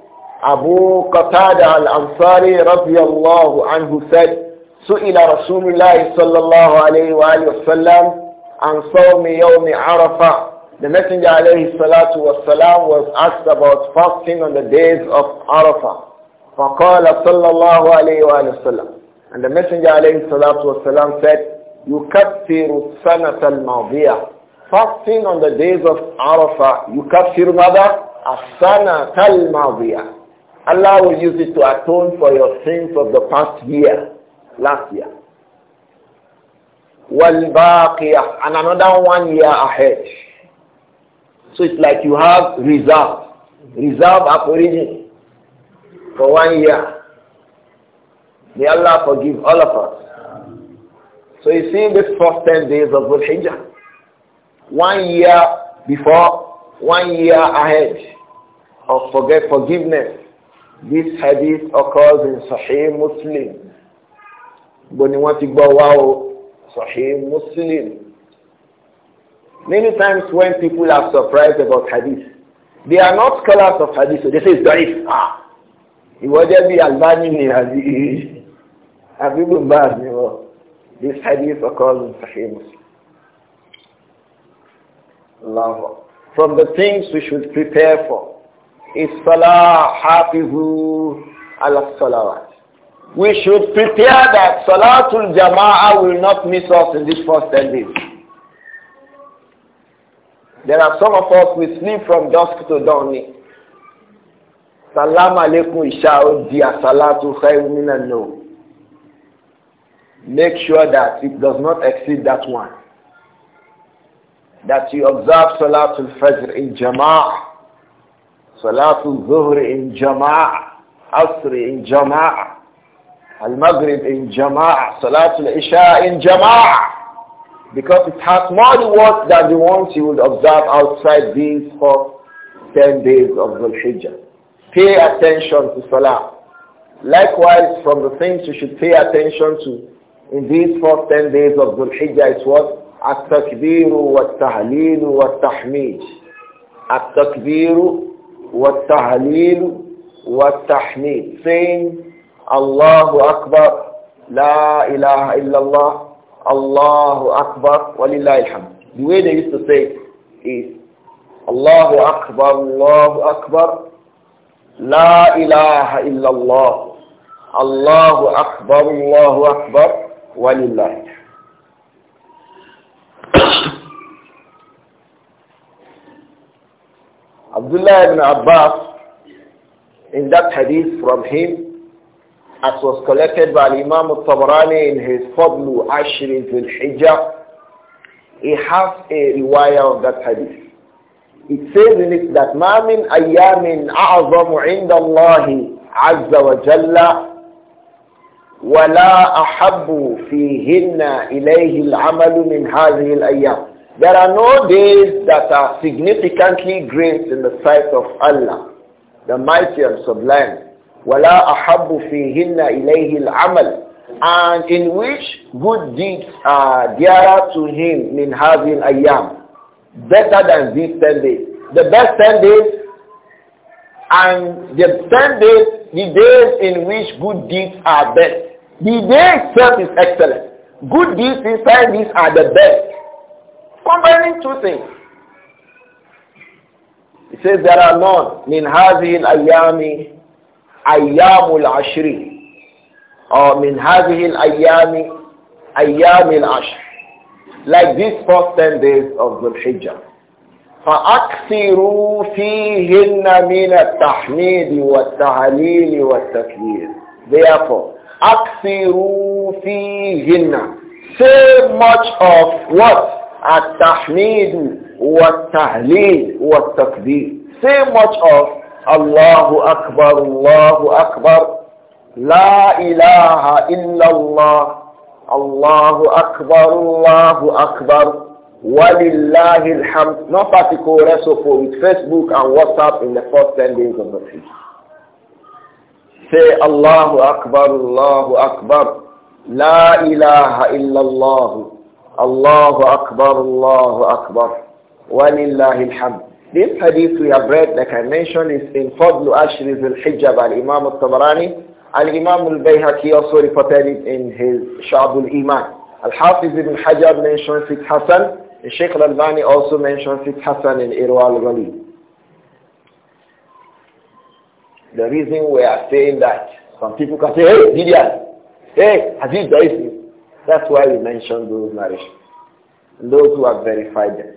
Abu Qatada al-Ansari radiyallahu anhu said, سئل رسول الله صلى الله عليه وآله وسلم عن صوم يوم عرفة The Messenger عليه الصلاة والسلام was asked about fasting on the days of Arafah. فقال صلى الله عليه وآله وسلم And the Messenger عليه الصلاة والسلام said, يكفر السنة الماضية Fasting on the days of Arafah, يكفر ماذا? asana talmavia. Allah will use it to atone for your sins of the past year, last year. Walbaqiyah, and another one year ahead. So it's like you have reserve, reserve aborigine for one year. May Allah forgive all of us. So you see this first 10 days of Dhul Hijjah. One year before, one year ahead of forget forgiveness. This hadith occurs in Sahih Muslim. Gboni wọ́n ti Sahih Muslim. Many times when people are surprised about hadith, they are not scholars of hadith, so they say it's very far. Ah! Ìwọ jẹ́ bí Albani ni àbí Abibu Mbaz ni wọ́n. This hadith occurs in Sahih Muslim. Allahu From the things we should prepare for is salah hafizu salawat. We should prepare that salatul jama'ah will not miss us in this first 10 There are some of us, who sleep from dusk to dawn. Salam alaikum isha salatu no. Make sure that it does not exceed that one. That you observe salatul fajr in jama'ah Salatul zuhri in Jama'ah, Asr in Jama'ah, Al-Maghrib in Jama'ah, Salatul Isha in Jama'ah. Because it has more work than the ones you would observe outside these first 10 days of Dhul Hijjah. Pay attention to Salah. Likewise, from the things you should pay attention to in these first 10 days of Dhul Hijjah is what? التكبير والتهليل والتحميد التكبير والتهليل والتحميد saying Allahu Akbar La ilaha illallah Allahu Akbar ولله الحمد the way they used to say is Allahu Akbar Allahu Akbar La ilaha illallah Allahu Akbar Allahu Akbar الحمد Abdullah ibn Abbas in that hadith from him as was collected by Imam al-Tabarani in his Fadlu Ashir fil Hijjah he has a riwayah of that hadith it says in it that ما من أيام أعظم عند الله عز وجل ولا أحب فيهن إليه العمل من هذه الأيام there are no days that are significantly great in the sight of Allah, the mighty and sublime. وَلَا أَحَبُّ فِيهِنَّ إِلَيْهِ الْعَمَلِ And in which good deeds are dearer to him in having yam. Better than these 10 days. The best 10 days and the 10 days, the days in which good deeds are best. The day itself is excellent. Good deeds inside these are the best. Combining two things. He says there are none. Min hazihil ayami ayyamul ashri. Or min hazihil ayami ayyamil ashri. Like these first 10 days of the Hijjah. فأكثروا فيهن من التحميد والتهليل والتكبير therefore أكثروا فيهن say much of what at-tahmid wa Say much of Allahu Akbar, Allahu Akbar, La ilaha illallah, Allah Akbar, Allahu Akbar, Walillahi alhamd. Not particle recipe with Facebook and WhatsApp in the first 10 days of the feast. Say Allahu Akbar, Allahu Akbar, La ilaha illallah, Allahu Akbar, Allahu Akbar. Walillahi alhamd. This hadith we have read, like I mentioned, is in Fadlu Ashriz al-Hijjab al-Imam al-Tabarani. Al-Imam al-Bayhaqi also reported it in his Sha'ab al-Iman. Al-Hafiz ibn Hajar mentions it Hassan. Sheikh al-Albani also mentions it Hassan in Irwa al-Ghali. The reason we are saying that, some people can say, hey, Gideon, hey, Aziz Daisy, that's why we mention those narrations. Those who have verified them.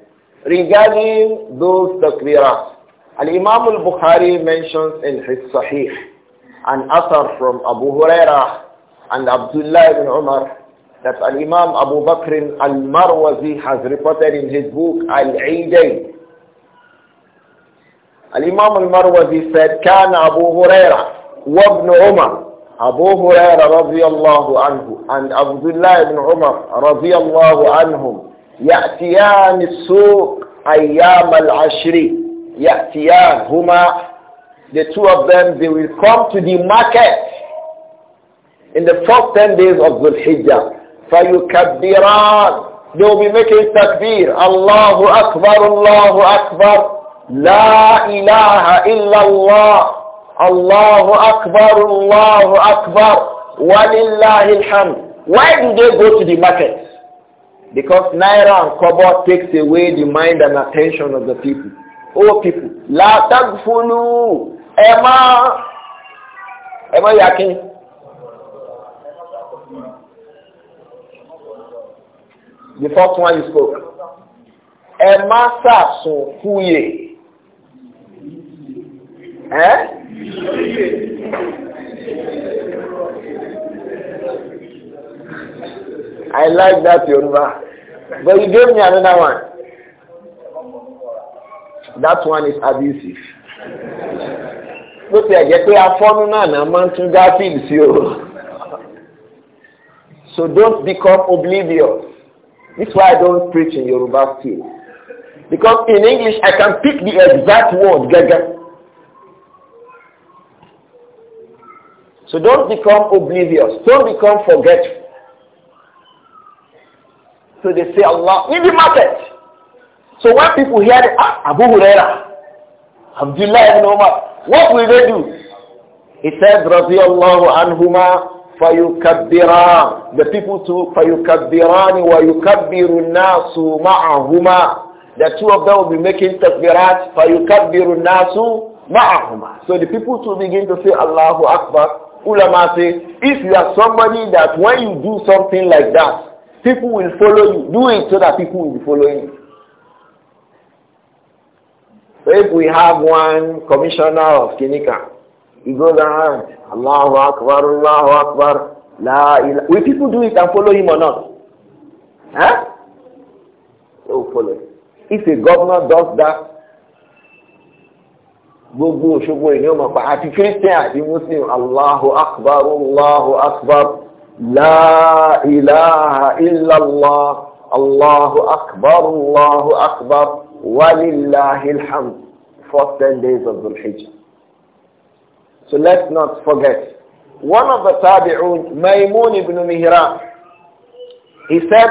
Regarding those takbirat, Al-Imam al-Bukhari mentions in his Sahih an asar from Abu Huraira and Abdullah ibn Umar that Al-Imam Abu Bakr al-Marwazi has reported in his book Al-Eidain. Al-Imam al-Marwazi said, كان أبو هريرة وابن عمر Abu Huraira radiallahu anhu and Abdullah ibn Umar radiallahu anhum يأتيان السوق أيام العشر يأتيان هما the two of them they will come to the market in the first 10 days of Dhul Hijjah فيكبران they will be making takbir Allahu Akbar Allahu Akbar La ilaha illa Allah Allahu Akbar, Allahu Akbar, Walillahi alhamd. Why do they go to the market? Because Naira and Kobo takes away the mind and attention of the people. Oh people, La tagfulu, Emma, Emma Yakin. The first one you spoke. Emma Sasun Fuye. Eh? I like that Yoruba. But you gave me another one. That one is abusive. Look, ti ẹ̀jẹ̀ pé So don't become oblivious. This is why I don't preach in Yoruba still. Because in English I can pick the exact word gẹ́gẹ́. So don't become oblivious. Don't become forgetful. So they say Allah in the market. So when people hear the, ah, Abu Huraira, Abdullah ibn Umar, what will they do? He said, radiyallahu anhuma fayukabbiran. The people too, fayukabbiran wa yukabbiru nasu ma'ahuma. The two of them will be making takbirat, fayukabbiru nasu ma'ahuma. So the people too begin to say, Allahu Akbar, ulama say, if you are somebody that when you do something like that, people will follow you, do it so that people will be following you. So if we have one commissioner of Kinika, he goes around, Allahu Akbar, Allahu Akbar, La ilaha. Will people do it and follow him or not? Huh? They will follow. If a governor does that, gbogbo òṣogbo ènìyàn mọ̀ pa àti christian àti muslim allahu akbar allahu akbar la ilaha illallah allahu akbar allahu akbar walillahi alhamd first ten days of the hajj so let's not forget one of the tabi'un maimun ibn mihran he said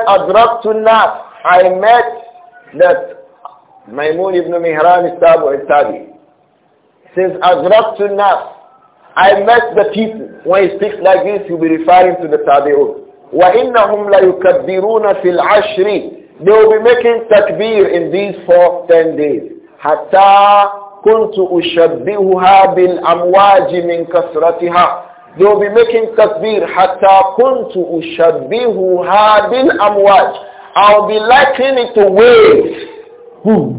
to nas i met that maimun ibn mihran is tabi'un says, to nas. I met the people. When he speaks like this, he'll be referring to the Tabi'un. وَإِنَّهُمْ لَيُكَبِّرُونَ فِي الْعَشْرِ They will be making takbir in these four, ten days. حَتَّى كُنْتُ أُشَبِّهُهَا بِالْأَمْوَاجِ مِنْ كَسْرَتِهَا They will be making takbir. حَتَّى كُنْتُ أُشَبِّهُهَا بِالْأَمْوَاجِ I'll be likening it to waves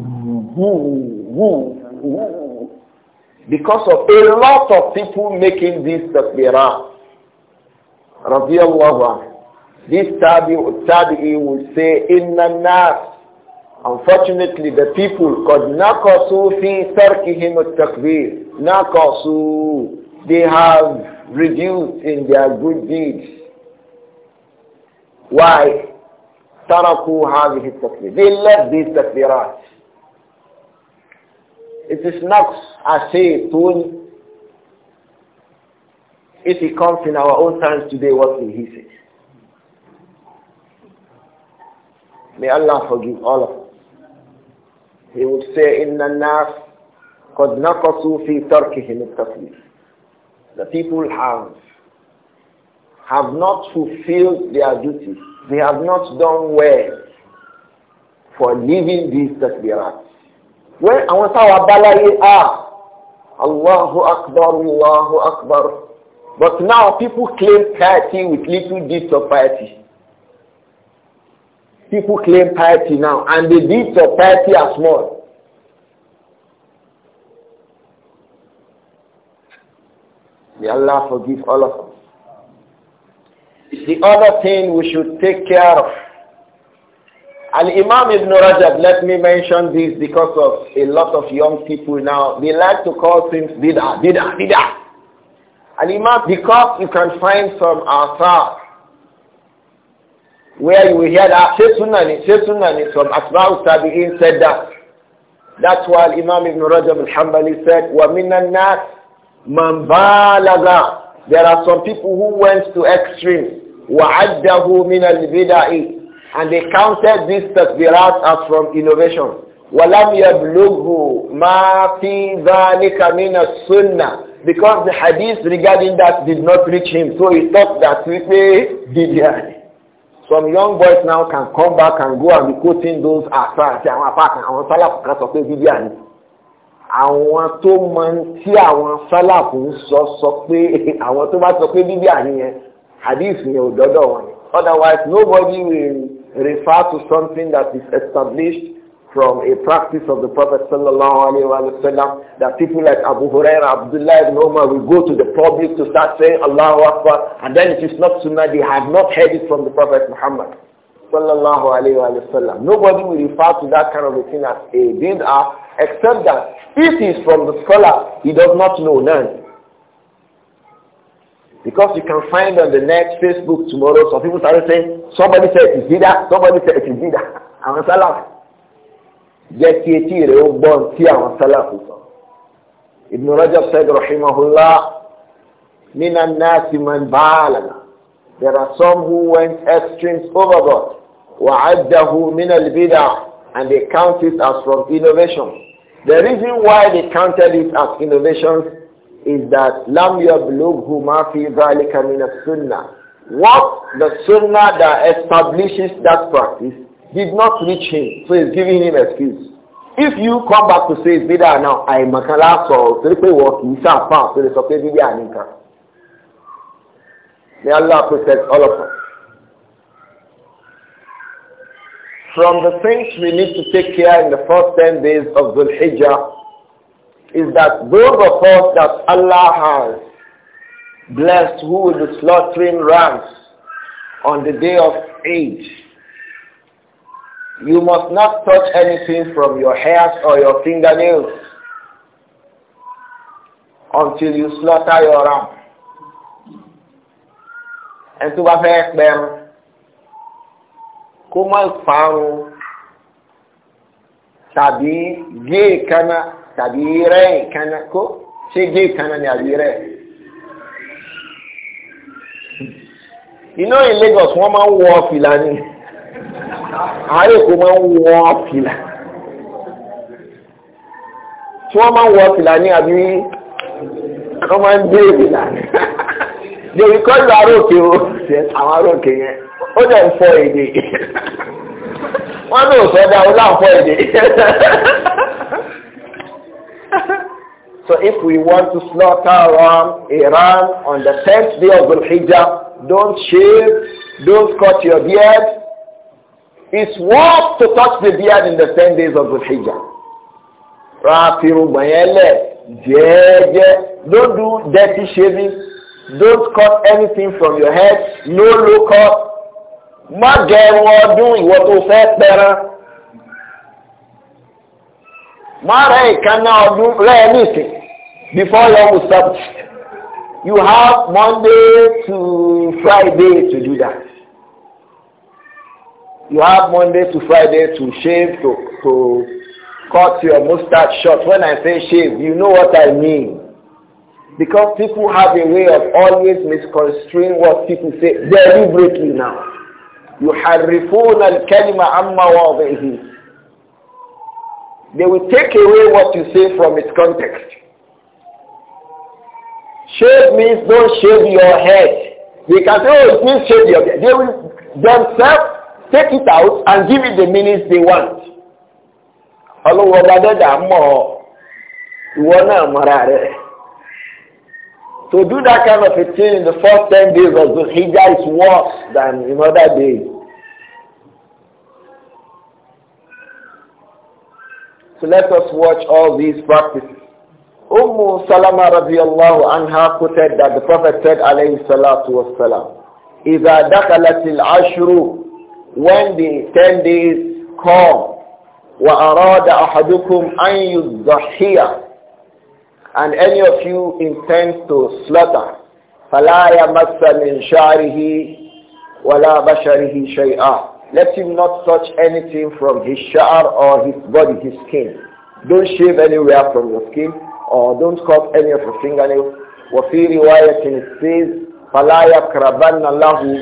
because of a lot of people making this takbirah. Radiallahu anhu. This tabi, tabi will say, Inna nas. Unfortunately, the people, قَدْ نَقَصُوا فِي تَرْكِهِمُ التَّكْبِيرِ نَقَصُوا They have reduced in their good deeds. Why? تَرَكُوا هَذِهِ التَّكْبِيرِ They left these takbirat. It is not a shaytun. If it comes in our own times today, what will he say? May Allah forgive all of us. He would say, إِنَّ النَّاسِ قَدْ نَقَصُوا فِي تَرْكِهِمِ التَّكْلِيفِ The people have have not fulfilled their duties. They have not done well for leaving these tasbirat to àwọn táwọn abáláyé á Allahu Akbar Allahu Akbar but now people claim piety with little bit of piety people claim piety now and the deeds of piety are small. May Allah forgive all of us. The other thing we should take care of Al-Imam Ibn Rajab, let me mention this because of a lot of young people now, they like to call things bid'ah, bid'ah, bid'ah. Al-Imam, because you can find some asar where you will hear that Sheikh Sunani, Sheikh Sunani from Asma'u Tabi'in said that. That's why Imam Ibn Rajab al-Hambali said, وَمِنَ النَّاسِ مَنْ بَالَغَ There are some people who went to extremes. وَعَدَّهُ مِنَ الْبِدَعِ and they counted this takbirat as from innovation. وَلَمْ يَبْلُغْهُ مَا فِي ذَلِكَ مِنَ السُنَّةِ Because the hadith regarding that did not reach him, so he thought that we may be Some young boys now can come back and go and be quoting those asas. I want to sálàpù kan sọ pé bíbí àná. tó mọ tí àwọn sálàpù ń sọ sọ I want tó bá sọ pé here. àná yẹn, hadith yẹn ò one. Otherwise nobody will refer to something that is established from a practice of the Prophet sallallahu that people like Abu Huraira, Abdullah ibn Umar will go to the public to start saying Allahu Akbar and then it is not sunnah, they have not heard it from the Prophet Muhammad sallallahu alayhi wa Nobody will refer to that kind of a thing as a bid'ah except that if it is from the scholar, he does not know none. Because you can find on the net, Facebook tomorrow, some people started saying, somebody said it is Jida, somebody said it is Jida. *laughs* Àwọn sálàfù. Jẹ́ kí etí rẹ̀ ó gbọ́n tí àwọn sálàfù sọ. Ibn Rajab said, Rahimahullah, Mina nasi man ba'alana. There are some who went extremes overboard. min al الْبِدَعِ And they count it as from innovation. The reason why they counted it as innovations is that lam يبلغه ma fi ذلك من What the sunnah that establishes that practice did not reach him, so he's giving him excuse. If you come back to say bid'ah now, I makala so three work in a part so they say bid'ah ninka. May Allah protect all of us. From the things we need to take care in the first 10 days of Dhul Hijjah is that those of us that Allah has blessed who will be slaughtering rams on the day of Eid, you must not touch anything from your hairs or your fingernails until you slaughter your ram. and tó bá them, pẹ̀rù kó má fàrun tàbí gé kaná tàbí rẹ̀ ìkànnà kó ṣé ni àbí iná in Lagos wọ́n máa ń wọ fìlà ni àárẹ̀ èkó máa ń wọ fìlà tí wọ́n máa ń wọ fìlà ni àbí wọ́n máa ń dé fìlà ni lèyí kọ́ lu aróòkè o àwọn aróòkè yẹn ó dẹ̀ ń fọ èdè wọ́n ní òsọ́dá ó láǹfọ̀ èdè. so if we want to slaughter a Iran on the tenth day of Dhul Hijjah, don't shave, don't cut your beard. It's worth to touch the beard in the ten days of Dhul Hijjah. Rafiru Bayele, Jeje, don't do dirty shaving, don't cut anything from your head, no look up. Má jẹ ẹ̀wọ̀n ọdún ìwọ tó fẹ́ pẹran máa cannot ìkànnà ọdún rẹ before your mustap you have monday to friday to do that you have monday to friday to shave to to cut your mustache short when i say shave you know what i mean because people have a way of always misconstruing what people say deliberately now you يحرفون الكلمة عما واضعه they will take away what you say from its context. Shave means don't shave your head. They can say, oh, it means shave your head. They will themselves take it out and give it the meanings they want. Ọlọ́wọ́ ọba dẹ́dà mọ̀ ọ́, To do that kind of a thing in the first ten days of the hijab is worse than in other days. So let us watch all these practices. Ummu Salama radiallahu anha quoted that the Prophet said alayhi salatu wasalam, إِذَا دَخَلَتِ الْعَشْرُ When the ten days come, وَأَرَادَ أَحَدُكُمْ أَن يُضَحِيَ And any of you intends to slaughter, فَلَا يَمَسَّ مِنْ شَعْرِهِ وَلَا بَشَرِهِ شَيْئًا let him not touch anything from his sha'r or his body, his skin. Don't shave anywhere from your skin or don't cut any of your fingernails. وفي رواية says فلا يقربن له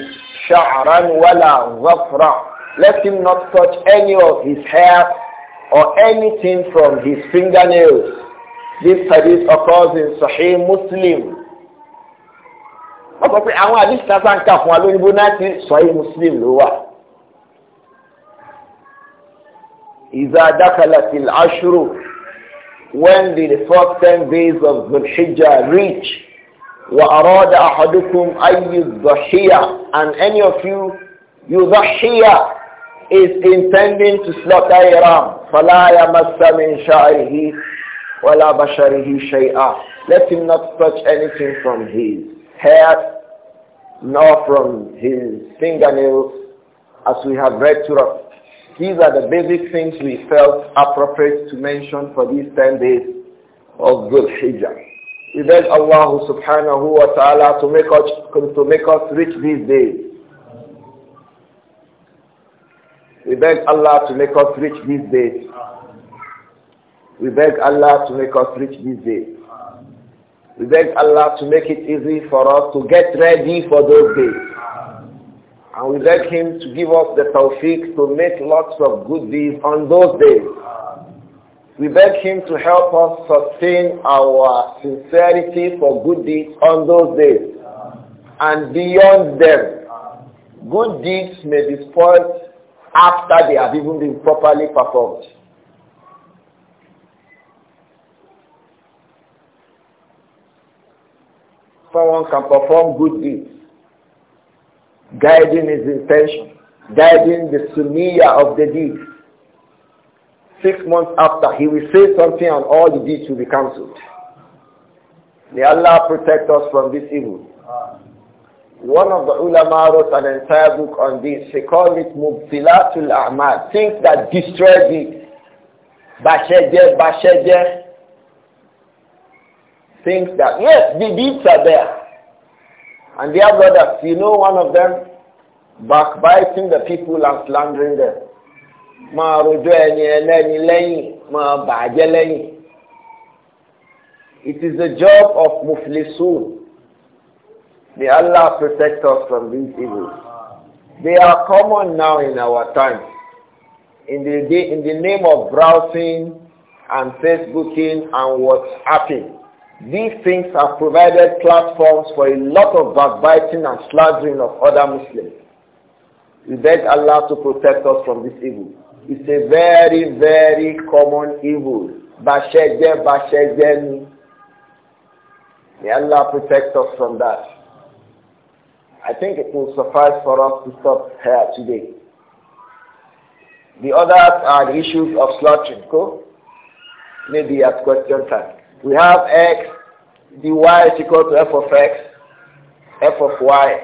شعرا ولا ظفرا Let him not touch any of his hair or anything from his fingernails. This hadith occurs in Sahih Muslim. Wọ́n sọ pé àwọn àdìsí náà sáà ń kà fún wa náà ti Sahih Muslim ló wà. إذا دخلت العشر when the first 10 days of Dhul Hijjah reach وأراد أحدكم أن and any of you يضحي is intending to slaughter a فلا يمس من شعره ولا بشره شيئا let him not touch anything from his hair nor from his fingernails as we have read to us these are the basic things we felt appropriate to mention for these 10 days of good hijrah. We beg Allah subhanahu wa ta'ala to make us, to make us rich these days. We beg Allah to make us rich these days. We beg Allah to make us rich these days. We beg Allah to make it easy for us to get ready for those days. And we beg him to give us the tawfiq to make lots of good deeds on those days. We beg him to help us sustain our sincerity for good deeds on those days and beyond them. Good deeds may be spoiled after they have even been properly performed. Someone can perform good deeds guiding his intention, guiding the sunniyah of the deed. Six months after, he will say something and all the deeds will be cancelled. May Allah protect us from this evil. One of the ulama wrote an entire book on this. He called it Mubtilatul Amal. things that destroy deeds. Basheje, basheje. Things that, yes, the deeds are there. And their brothers, you know one of them backbiting the people and slandering them. Ma rojọ́ ẹni It is the job of Muflisun. May Allah protect us from these evils. They are common now in our time. In the, in the name of browsing and Facebooking and what's happening. These things have provided platforms for a lot of backbiting and slandering of other Muslims. We beg Allah to protect us from this evil. It's a very, very common evil. Basheje, basheje. May Allah protect us from that. I think it will suffice for us to stop here today. The others are the issues of slaughtering. Maybe at question time. We have x, dy is equal to f of x, f of y,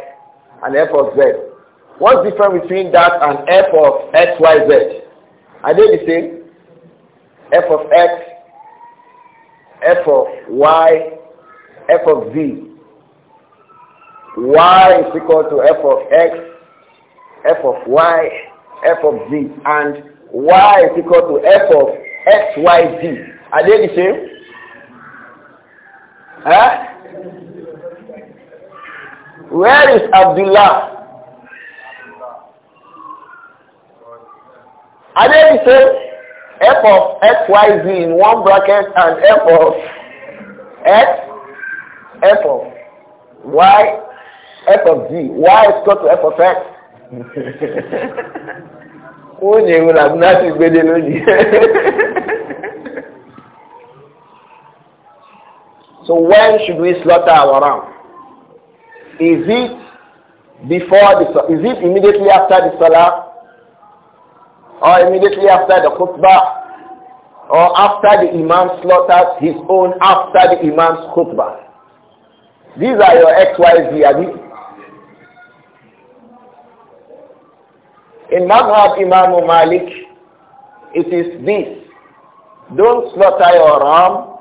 and f of z. What's different between that and f of x, y, z? Are they the same? f of x, f of y, f of z. y is equal to f of x, f of y, f of z. And y is equal to f of x, y, z. Are they the same? Huh? Where is Abdullah? Are they the same? F of XYZ in one bracket and F of X, F of Y, F of Z. Y is equal to F of X. Onye nwere abụ na-asị gbede n'oji. So when should we slaughter our ram? Is it before the is it immediately after the salah? Or immediately after the khutbah? Or after the imam slaughters his own after the imam's khutbah? These are your XYZ, In Madhab Imam Malik, it is this. Don't slaughter your ram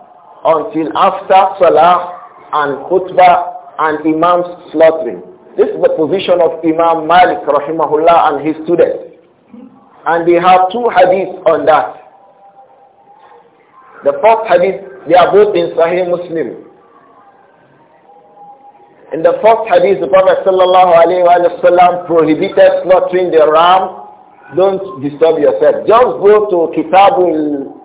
until after Salah and Khutbah and Imam's slaughtering. This is the position of Imam Malik rahimahullah and his students. And they have two hadiths on that. The first hadith, they are both in Sahih Muslim. In the first hadith, the Prophet sallallahu alayhi wa prohibited slaughtering the ram. Don't disturb yourself. Just go to Kitabul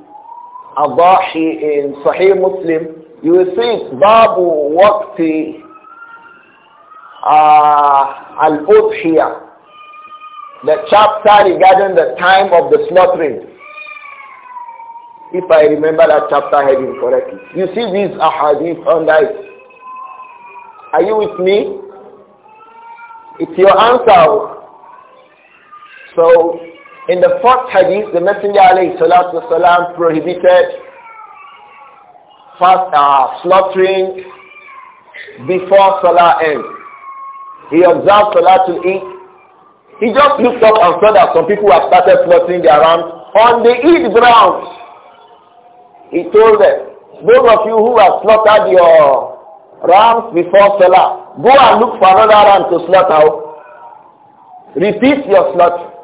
Adahi in Sahih Muslim, you will see Babu Waqti uh, al here. the chapter regarding the time of the slaughtering. If I remember that chapter heading correctly. You see these ahadith on that. Are you with me? It's your answer. So in the fourth hadith, the Messenger والسلام, prohibited fast, uh, slaughtering before Salah ends. He observed to eat. He just looked up and saw that some people had started slaughtering their rams on the Eid grounds. He told them, those of you who have slaughtered your rams before Salah, go and look for another ram to slaughter. Repeat your slaughter.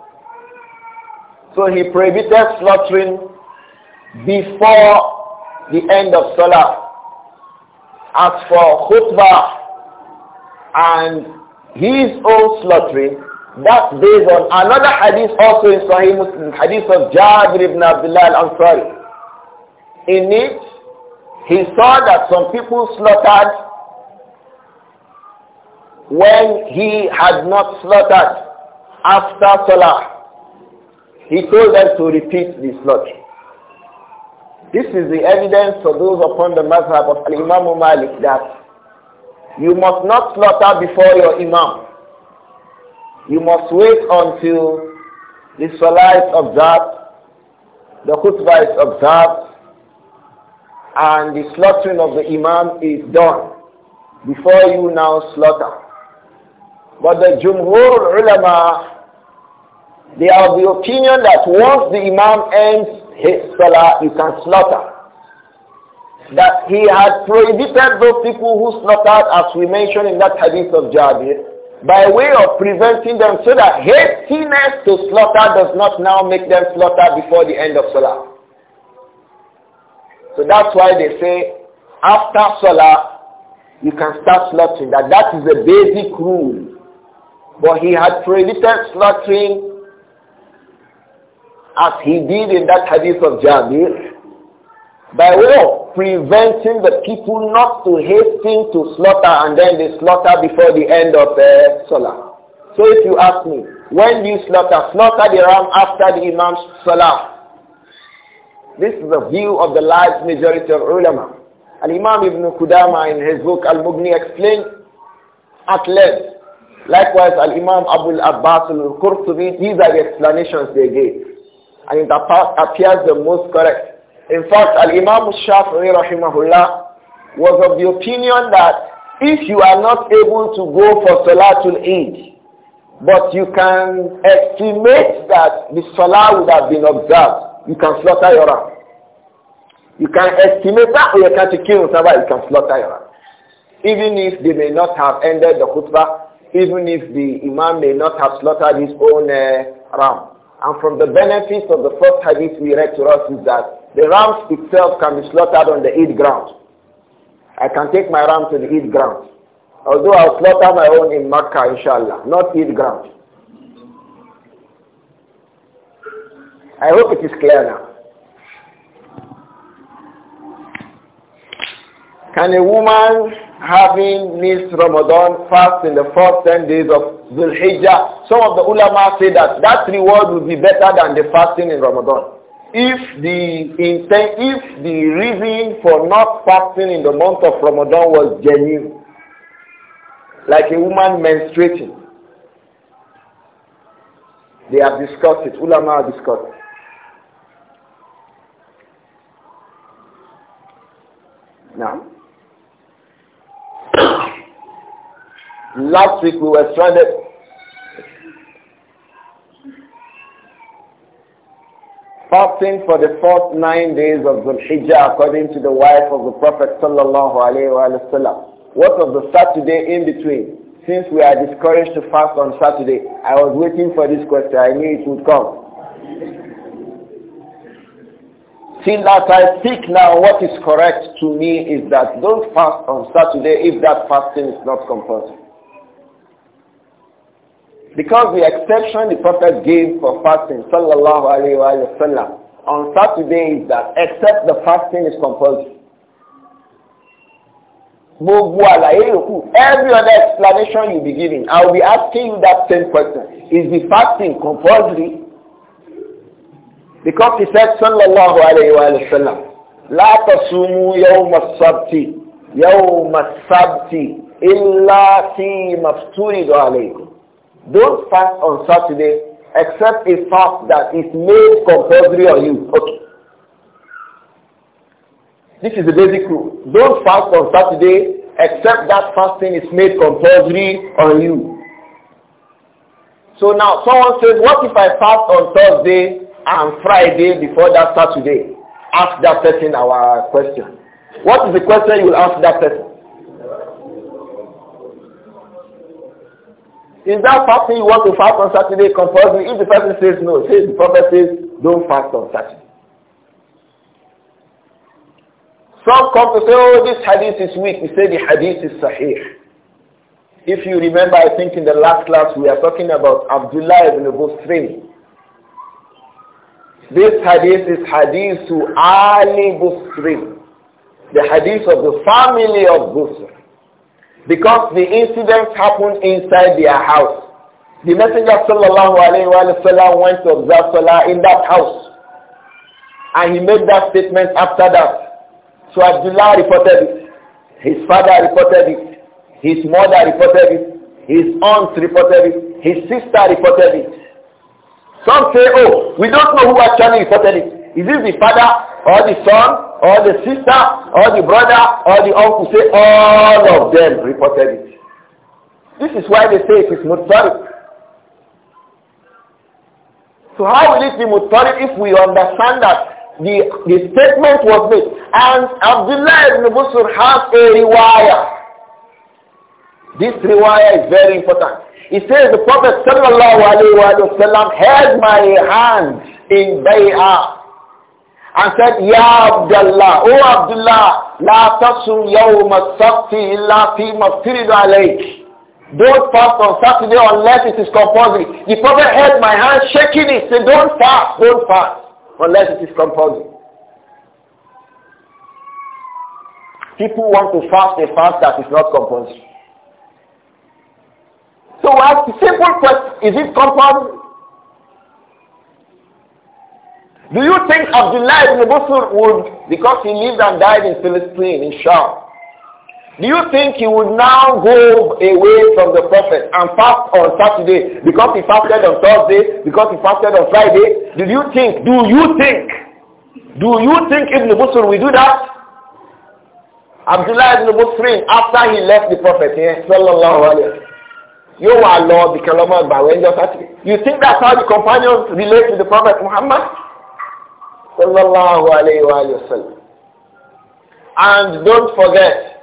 So he prohibited slaughtering before the end of Salah. As for khutbah and his own slaughtering, that's based on another hadith also in Sahih Muslim, hadith of Jabir ibn Abdullah al-Ansari. In it, he saw that some people slaughtered when he had not slaughtered after Salah. He told them to repeat this lot. This is the evidence for those upon the Masjid of Imam Malik that you must not slaughter before your Imam. You must wait until the Salah is observed, the khutbah is observed, and the slaughtering of the Imam is done before you now slaughter. But the Jumhur ulama they are of the opinion that once the Imam ends his salah, you can slaughter. That he had prohibited those people who slaughtered, as we mentioned in that hadith of Jabir, by way of preventing them so that hastiness to slaughter does not now make them slaughter before the end of Salah. So that's why they say after Salah you can start slaughtering. That that is the basic rule. But he had prohibited slaughtering as he did in that hadith of Jabir, by way of preventing the people not to hasten to slaughter and then they slaughter before the end of the uh, Salah. So if you ask me, when do you slaughter? Slaughter the ram after the Imam's Salah. This is the view of the large majority of ulama. And Imam Ibn Qudama in his book Al-Mughni explained at length. Likewise, Al-Imam Abu al-Abbas al-Qurtubi, these are the explanations they gave. And it appears the most correct. In fact, Al-Imam Shafi'i rahimahullah was of the opinion that if you are not able to go for Salatul Eid, but you can estimate that the Salah would have been observed, you can slaughter your ram. You can estimate that or you can kill whatever, you can slaughter your ram. Even if they may not have ended the khutbah, even if the imam may not have slaughtered his own uh, ram. And from the benefits of the first hadith we read to us is that the ram itself can be slaughtered on the Eid ground. I can take my ram to the Eid ground. Although I'll slaughter my own in Makkah, inshallah, not Eid ground. I hope it is clear now. Can a woman having missed Ramadan fast in the first 10 days of Dhul Hijjah? Some of the ulama say that that reward will be better than the fasting in Ramadan. If the intent, if the reason for not fasting in the month of Ramadan was genuine, like a woman menstruating, they have discussed it. Ulama have discussed it. Now, Last week we were stranded. Fasting for the first nine days of Zulhijjah, according to the wife of the Prophet sallallahu alayhi wasallam. What was the Saturday in between? Since we are discouraged to fast on Saturday, I was waiting for this question. I knew it would come. Since that I speak now, what is correct to me is that don't fast on Saturday if that fasting is not compulsory. Because the exception the Prophet gave for fasting, sallallahu alayhi wa sallam, on Saturday is that except the fasting is compulsory. every other explanation you be giving, I will be asking you that same question. Is the fasting compulsory? Because he said, sallallahu alayhi wa sallam, لا تصوموا يوم السبت يوم السبت إلا في مفتوح عليكم don't fast on Saturday except a fast that is made compulsory on you. Okay. This is the basic rule. Don't fast on Saturday except that fasting is made compulsory on you. So now someone says, what if I fast on Thursday and Friday before that Saturday? Ask that person our question. What is the question you will ask that person? Is that fasting you want to fast on Saturday compulsory? If the person says no, say the prophet says, don't fast on Saturday. Some come to say, oh, this hadith is weak. We say the hadith is sahih. If you remember, I think in the last class we are talking about Abdullah ibn Busri. This hadith is hadith to Ali Busri, the hadith of the family of Busri. Because the incident happened inside their house. The Messenger sallallahu alayhi wa sallam went to observe Salah in that house. And he made that statement after that. So Abdullah reported it. His father reported it. His mother reported it. His aunt reported it. His sister reported it. Some say, oh, we don't know who actually reported it. Is it the father or the son or the sister or the brother or the uncle say all of them reported it. This is why they say it is mutawatir. So how will it be mutariq if we understand that the, the statement was made. And Abdullah ibn Busr has a riwayah. This riwayah is very important. He says the Prophet sallallahu alayhi wa sallam held my hand in bay'ah and said, Ya Abdullah, O Abdullah, La tasum yawma sabti illa fi maftirid alayk. Don't fast on Saturday unless it is compulsory. The prophet held my hand shaking it, said, don't fast, don't fast, unless it is compulsory. People want to fast a fast that is not compulsory. So I ask the simple question, is it compulsory? Do you think Abdullah ibn Busr would, because he lived and died in Palestine, in Sham, do you think he would now go away from the prophet and fast on Saturday because he fasted on Thursday, because he fasted on Friday? Do you think, do you think, do you think Ibn Busr will do that? Abdullah ibn Busrin, after he left the prophet, yeah, sallallahu alayhi You are wà lọ bìkan lọ́mọ ìgbà You think that's how the companions relate to the prophet Muhammad? Sallallahu alayhi wa sallam. And don't forget,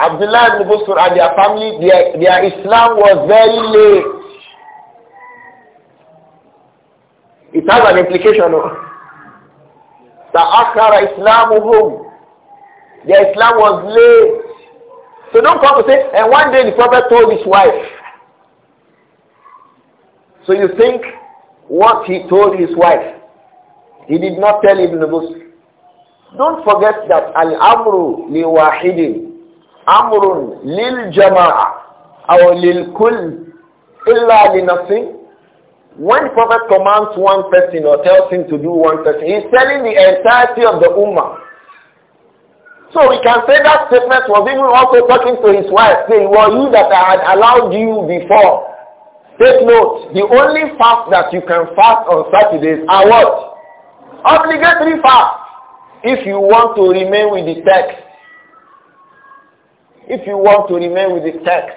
Abdullah ibn Busur and their family, their, their Islam was very late. It has an implication. Ta'akhara Islamuhum. Their Islam was late. So don't come to say, and one day the prophet told his wife. So you think what he told his wife he did not tell Ibn Abbas. Don't forget that al-amru li wahidin amrun lil jama'a or lil kul illa li nafsin. When Prophet commands one person or tells him to do one person, he's telling the entirety of the ummah. So we can say that statement was even also talking to his wife, saying, were you that I had allowed you before? Take note, the only fast that you can fast on Saturdays are what? Obligatory fast. If you want to remain with the text. If you want to remain with the text.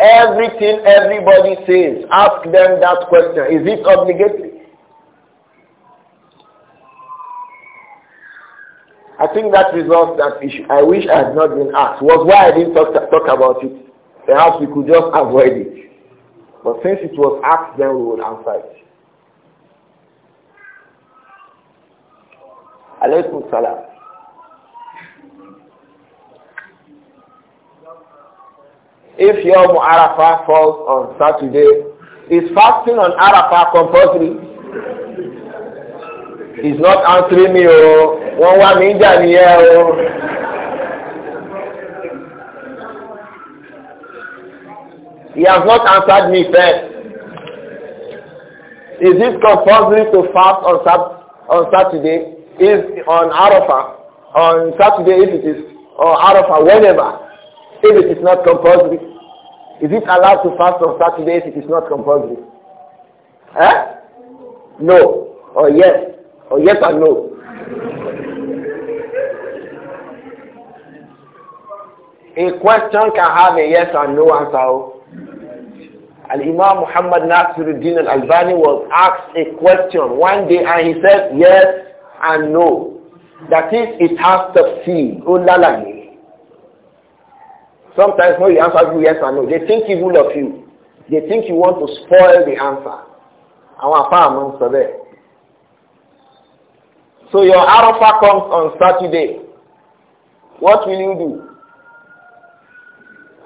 Everything everybody says, ask them that question. Is it obligatory? I think that resolves that issue. I wish I had not been asked. Was why I didn't talk, talk about it. Perhaps we could just avoid it. But since it was asked, then we will answer it. aleykum salaam. If your muarafa falls on Saturday, is fasting on arafa compulsory? He's not answering me oh, Wọ́n wá mi jà nìyẹn o. Oh. He has not answered me first. Is it compulsory to fast on, sat on Saturday? is on Arafah, on Saturday if it is, or Arafah, whenever, if it is not compulsory, is it allowed to fast on Saturday if it is not compulsory? Eh? No. Or oh, yes. Or oh, yes and no. a question can have a yes and no answer. Oh. Al-Imam Muhammad Nasiruddin Al-Albani was asked a question one day and he said, yes, and know That is, it has to see. Ulalani. Sometimes when you answer you yes or no, they think evil of you. They think you want to spoil the answer. Àwọn afá àmọ́ sọ bẹ́ẹ̀. So your Arafah comes on Saturday. What will you do?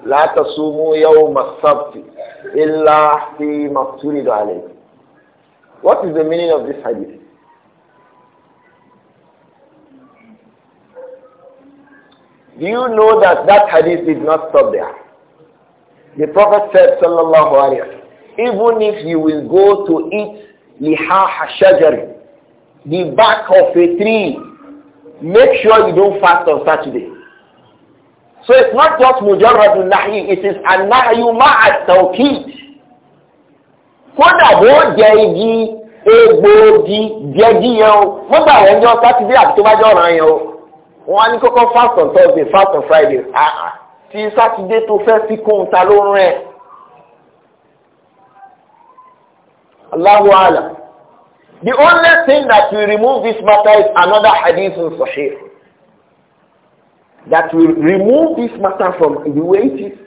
لا تصوموا يوم السبت إلا في مفترض عليه. What is the meaning of this hadith? Do you know that that hadith did not stop there? The Prophet said, sallallahu alayhi even if you will go to eat liha hashajari, the back of a tree, make sure you don't fast on Saturday. So it's not just mujarrad nahi, it is an-nahyu ma'a tawqid. Kódà bó jẹ igi, egbòogi, jẹ́gi yẹn o, mo wọ́n á ní kọ́kọ́ fast on Thursday fast on Friday àà ti Sátidé tó fẹ́ fi kóhun ta ló rẹ̀ Allahu alam the only thing that will remove this matter is another hadith in Sahih that will remove this matter from the way it is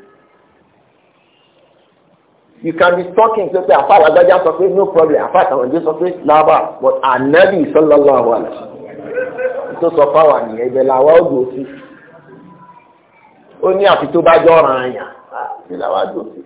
you can be talking to say afa alagbaja sọ pé no problem afa àtàwọn jẹ sọ pé lábà but anabi sallallahu alaihi wa sallam. tó sọ fáwọn nìyẹn ibẹ̀ làwa ó dùn sí ó ní àfi tó bá jọ ọ̀ràn àyàn ibẹ̀ làwa dùn sí.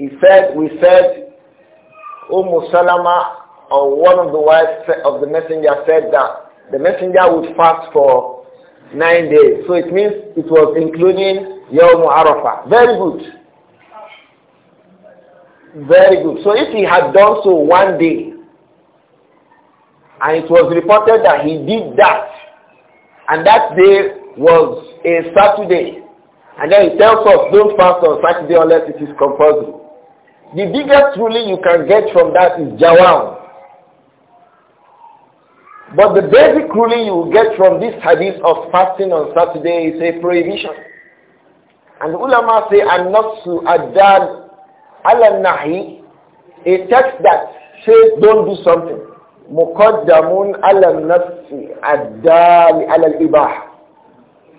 He said, we said, O Salama or one of the wives of the messenger said that the messenger would fast for nine days. So it means it was including Yom Arafah. Very good. Very good. So if he had done so one day, and it was reported that he did that, and that day was a Saturday, and then he tells us don't fast on Saturday unless it is compulsory. The biggest ruling you can get from that is Jawam. But the basic ruling you will get from this hadith of fasting on Saturday is a prohibition. And ulama say, An-Nafsu Adad Al-Nahi, a text that says don't do something. Muqaddamun Al-Nafsi adal Al-Ibah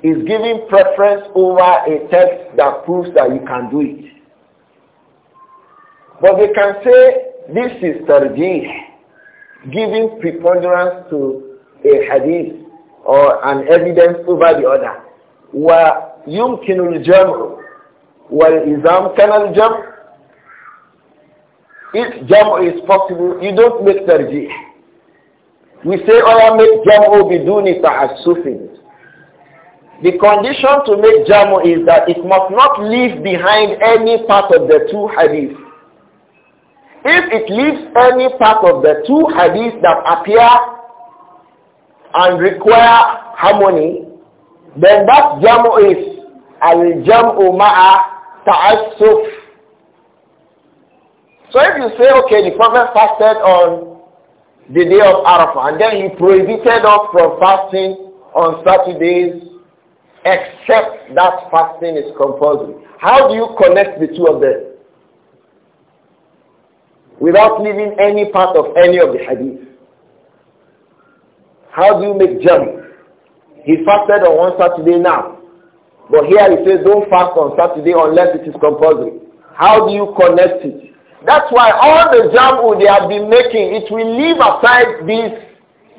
is giving preference over a text that proves that you can do it. But they can say this is tarjih giving preponderance to a hadith or an evidence over the other. ويمكن الجمع والإزام كان الجمع If jamu is possible, you don't make tarjih. We say, Allah oh, make jamu biduni ta'assufin. The condition to make jamu is that it must not leave behind any part of the two hadiths. If it leaves any part of the two hadiths that appear and require harmony, then that jamu is al-jamu ma'a ta'asuf. So if you say, okay, the Prophet fasted on the day of Arafah, and then he prohibited us from fasting on Saturdays, except that fasting is compulsory. How do you connect the two of them? without leaving any part of any of the hadith. How do you make jam? He fasted on one Saturday now. But here he says don't fast on Saturday unless it is compulsory. How do you connect it? That's why all the jamu they have been making, it will leave aside this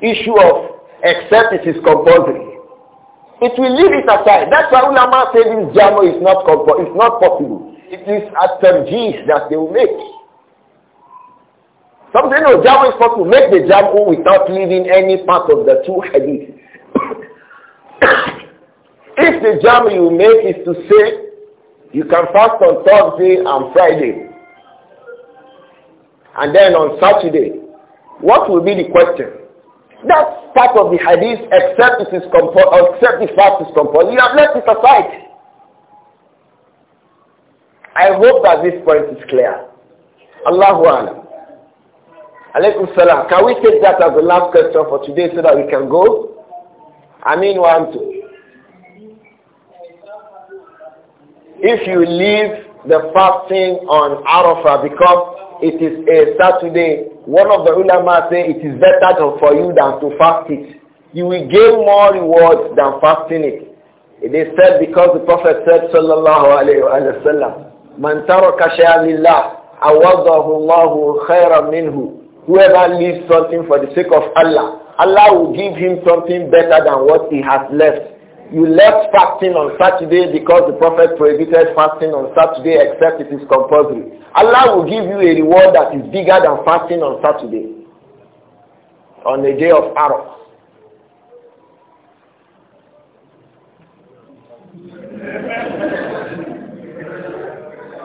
issue of except it is compulsory. It will leave it aside. That's why ulama say this jamu is not compulsory. It's not possible. It is a tarjih that they will make. Something of Java is possible. Make the Java without leaving any part of the two hadith. *coughs* if the Java you make is to say, you can fast on Thursday and Friday. And then on Saturday, what will be the question? That's part of the hadith except it is except the fast is compulsory. You have left it aside. I hope that this point is clear. Allahu Alam. Alaykum salam. Can we take that as the last question for today so that we can go? I mean one, two. If you leave the fasting on Arafah because it is a Saturday, one of the ulama say it is better for you than to fast it. You will gain more rewards than fasting it. It is said because the Prophet said sallallahu alayhi wa sallam, Man taraka shay'an lillah, awadahu Allahu khayran minhu. Whoever leaves something for the sake of Allah, Allah will give him something better than what he has left. You left fasting on Saturday because the Prophet prohibited fasting on Saturday except it is compulsory. Allah will give you a reward that is bigger than fasting on Saturday, on the day of Arafah.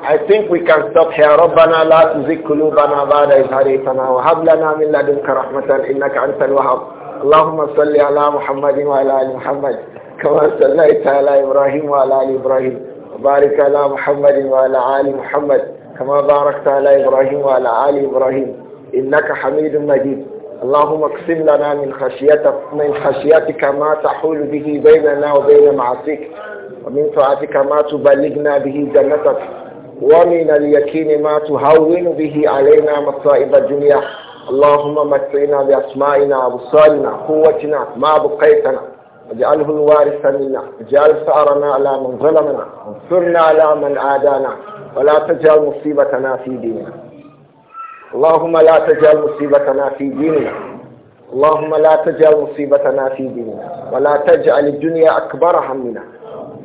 I think we can stop here. ربنا لا تزغ قلوبنا بعد إذ هديتنا وهب لنا من لدنك رحمة إنك أنت الوهاب اللهم صل على محمد وعلى آل محمد كما صليت على إبراهيم وعلى آل إبراهيم وبارك على محمد وعلى آل محمد كما باركت على إبراهيم وعلى آل إبراهيم إنك حميد مجيد اللهم اقسم لنا من خشيتك من خشيتك ما تحول به بيننا وبين معصيك ومن طاعتك ما تبلغنا به جنتك ومن اليقين ما تهون به علينا مصائب الدنيا اللهم متعنا بأسمائنا أبصارنا قوتنا ما بقيتنا واجعله الوارث منا اجعل ثأرنا على من ظلمنا انصرنا على من عادانا ولا تجعل مصيبتنا في ديننا اللهم لا تجعل مصيبتنا في ديننا اللهم لا تجعل مصيبتنا في ديننا ولا تجعل الدنيا أكبر همنا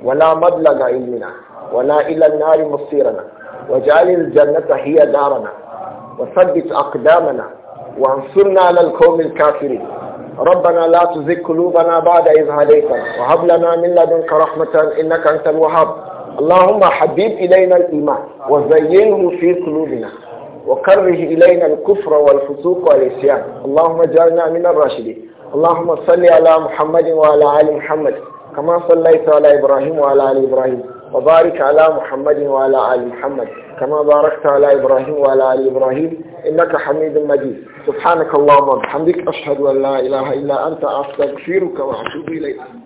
ولا مبلغ علمنا ولا إلى النار مصيرنا واجعل الجنة هي دارنا وثبت أقدامنا وانصرنا على القوم الكافرين ربنا لا تزغ قلوبنا بعد إذ هديتنا وهب لنا من لدنك رحمة إنك أنت الوهاب اللهم حبيب إلينا الإيمان وزينه في قلوبنا وكره إلينا الكفر والفسوق والعصيان اللهم اجعلنا من الراشدين اللهم صل على محمد وعلى آل محمد كما صليت على إبراهيم وعلى آل إبراهيم وبارك على محمد وعلى آل محمد كما باركت على إبراهيم وعلى آل إبراهيم إنك حميد مجيد سبحانك اللهم وبحمدك أشهد أن لا إله إلا أنت أستغفرك وأتوب إليك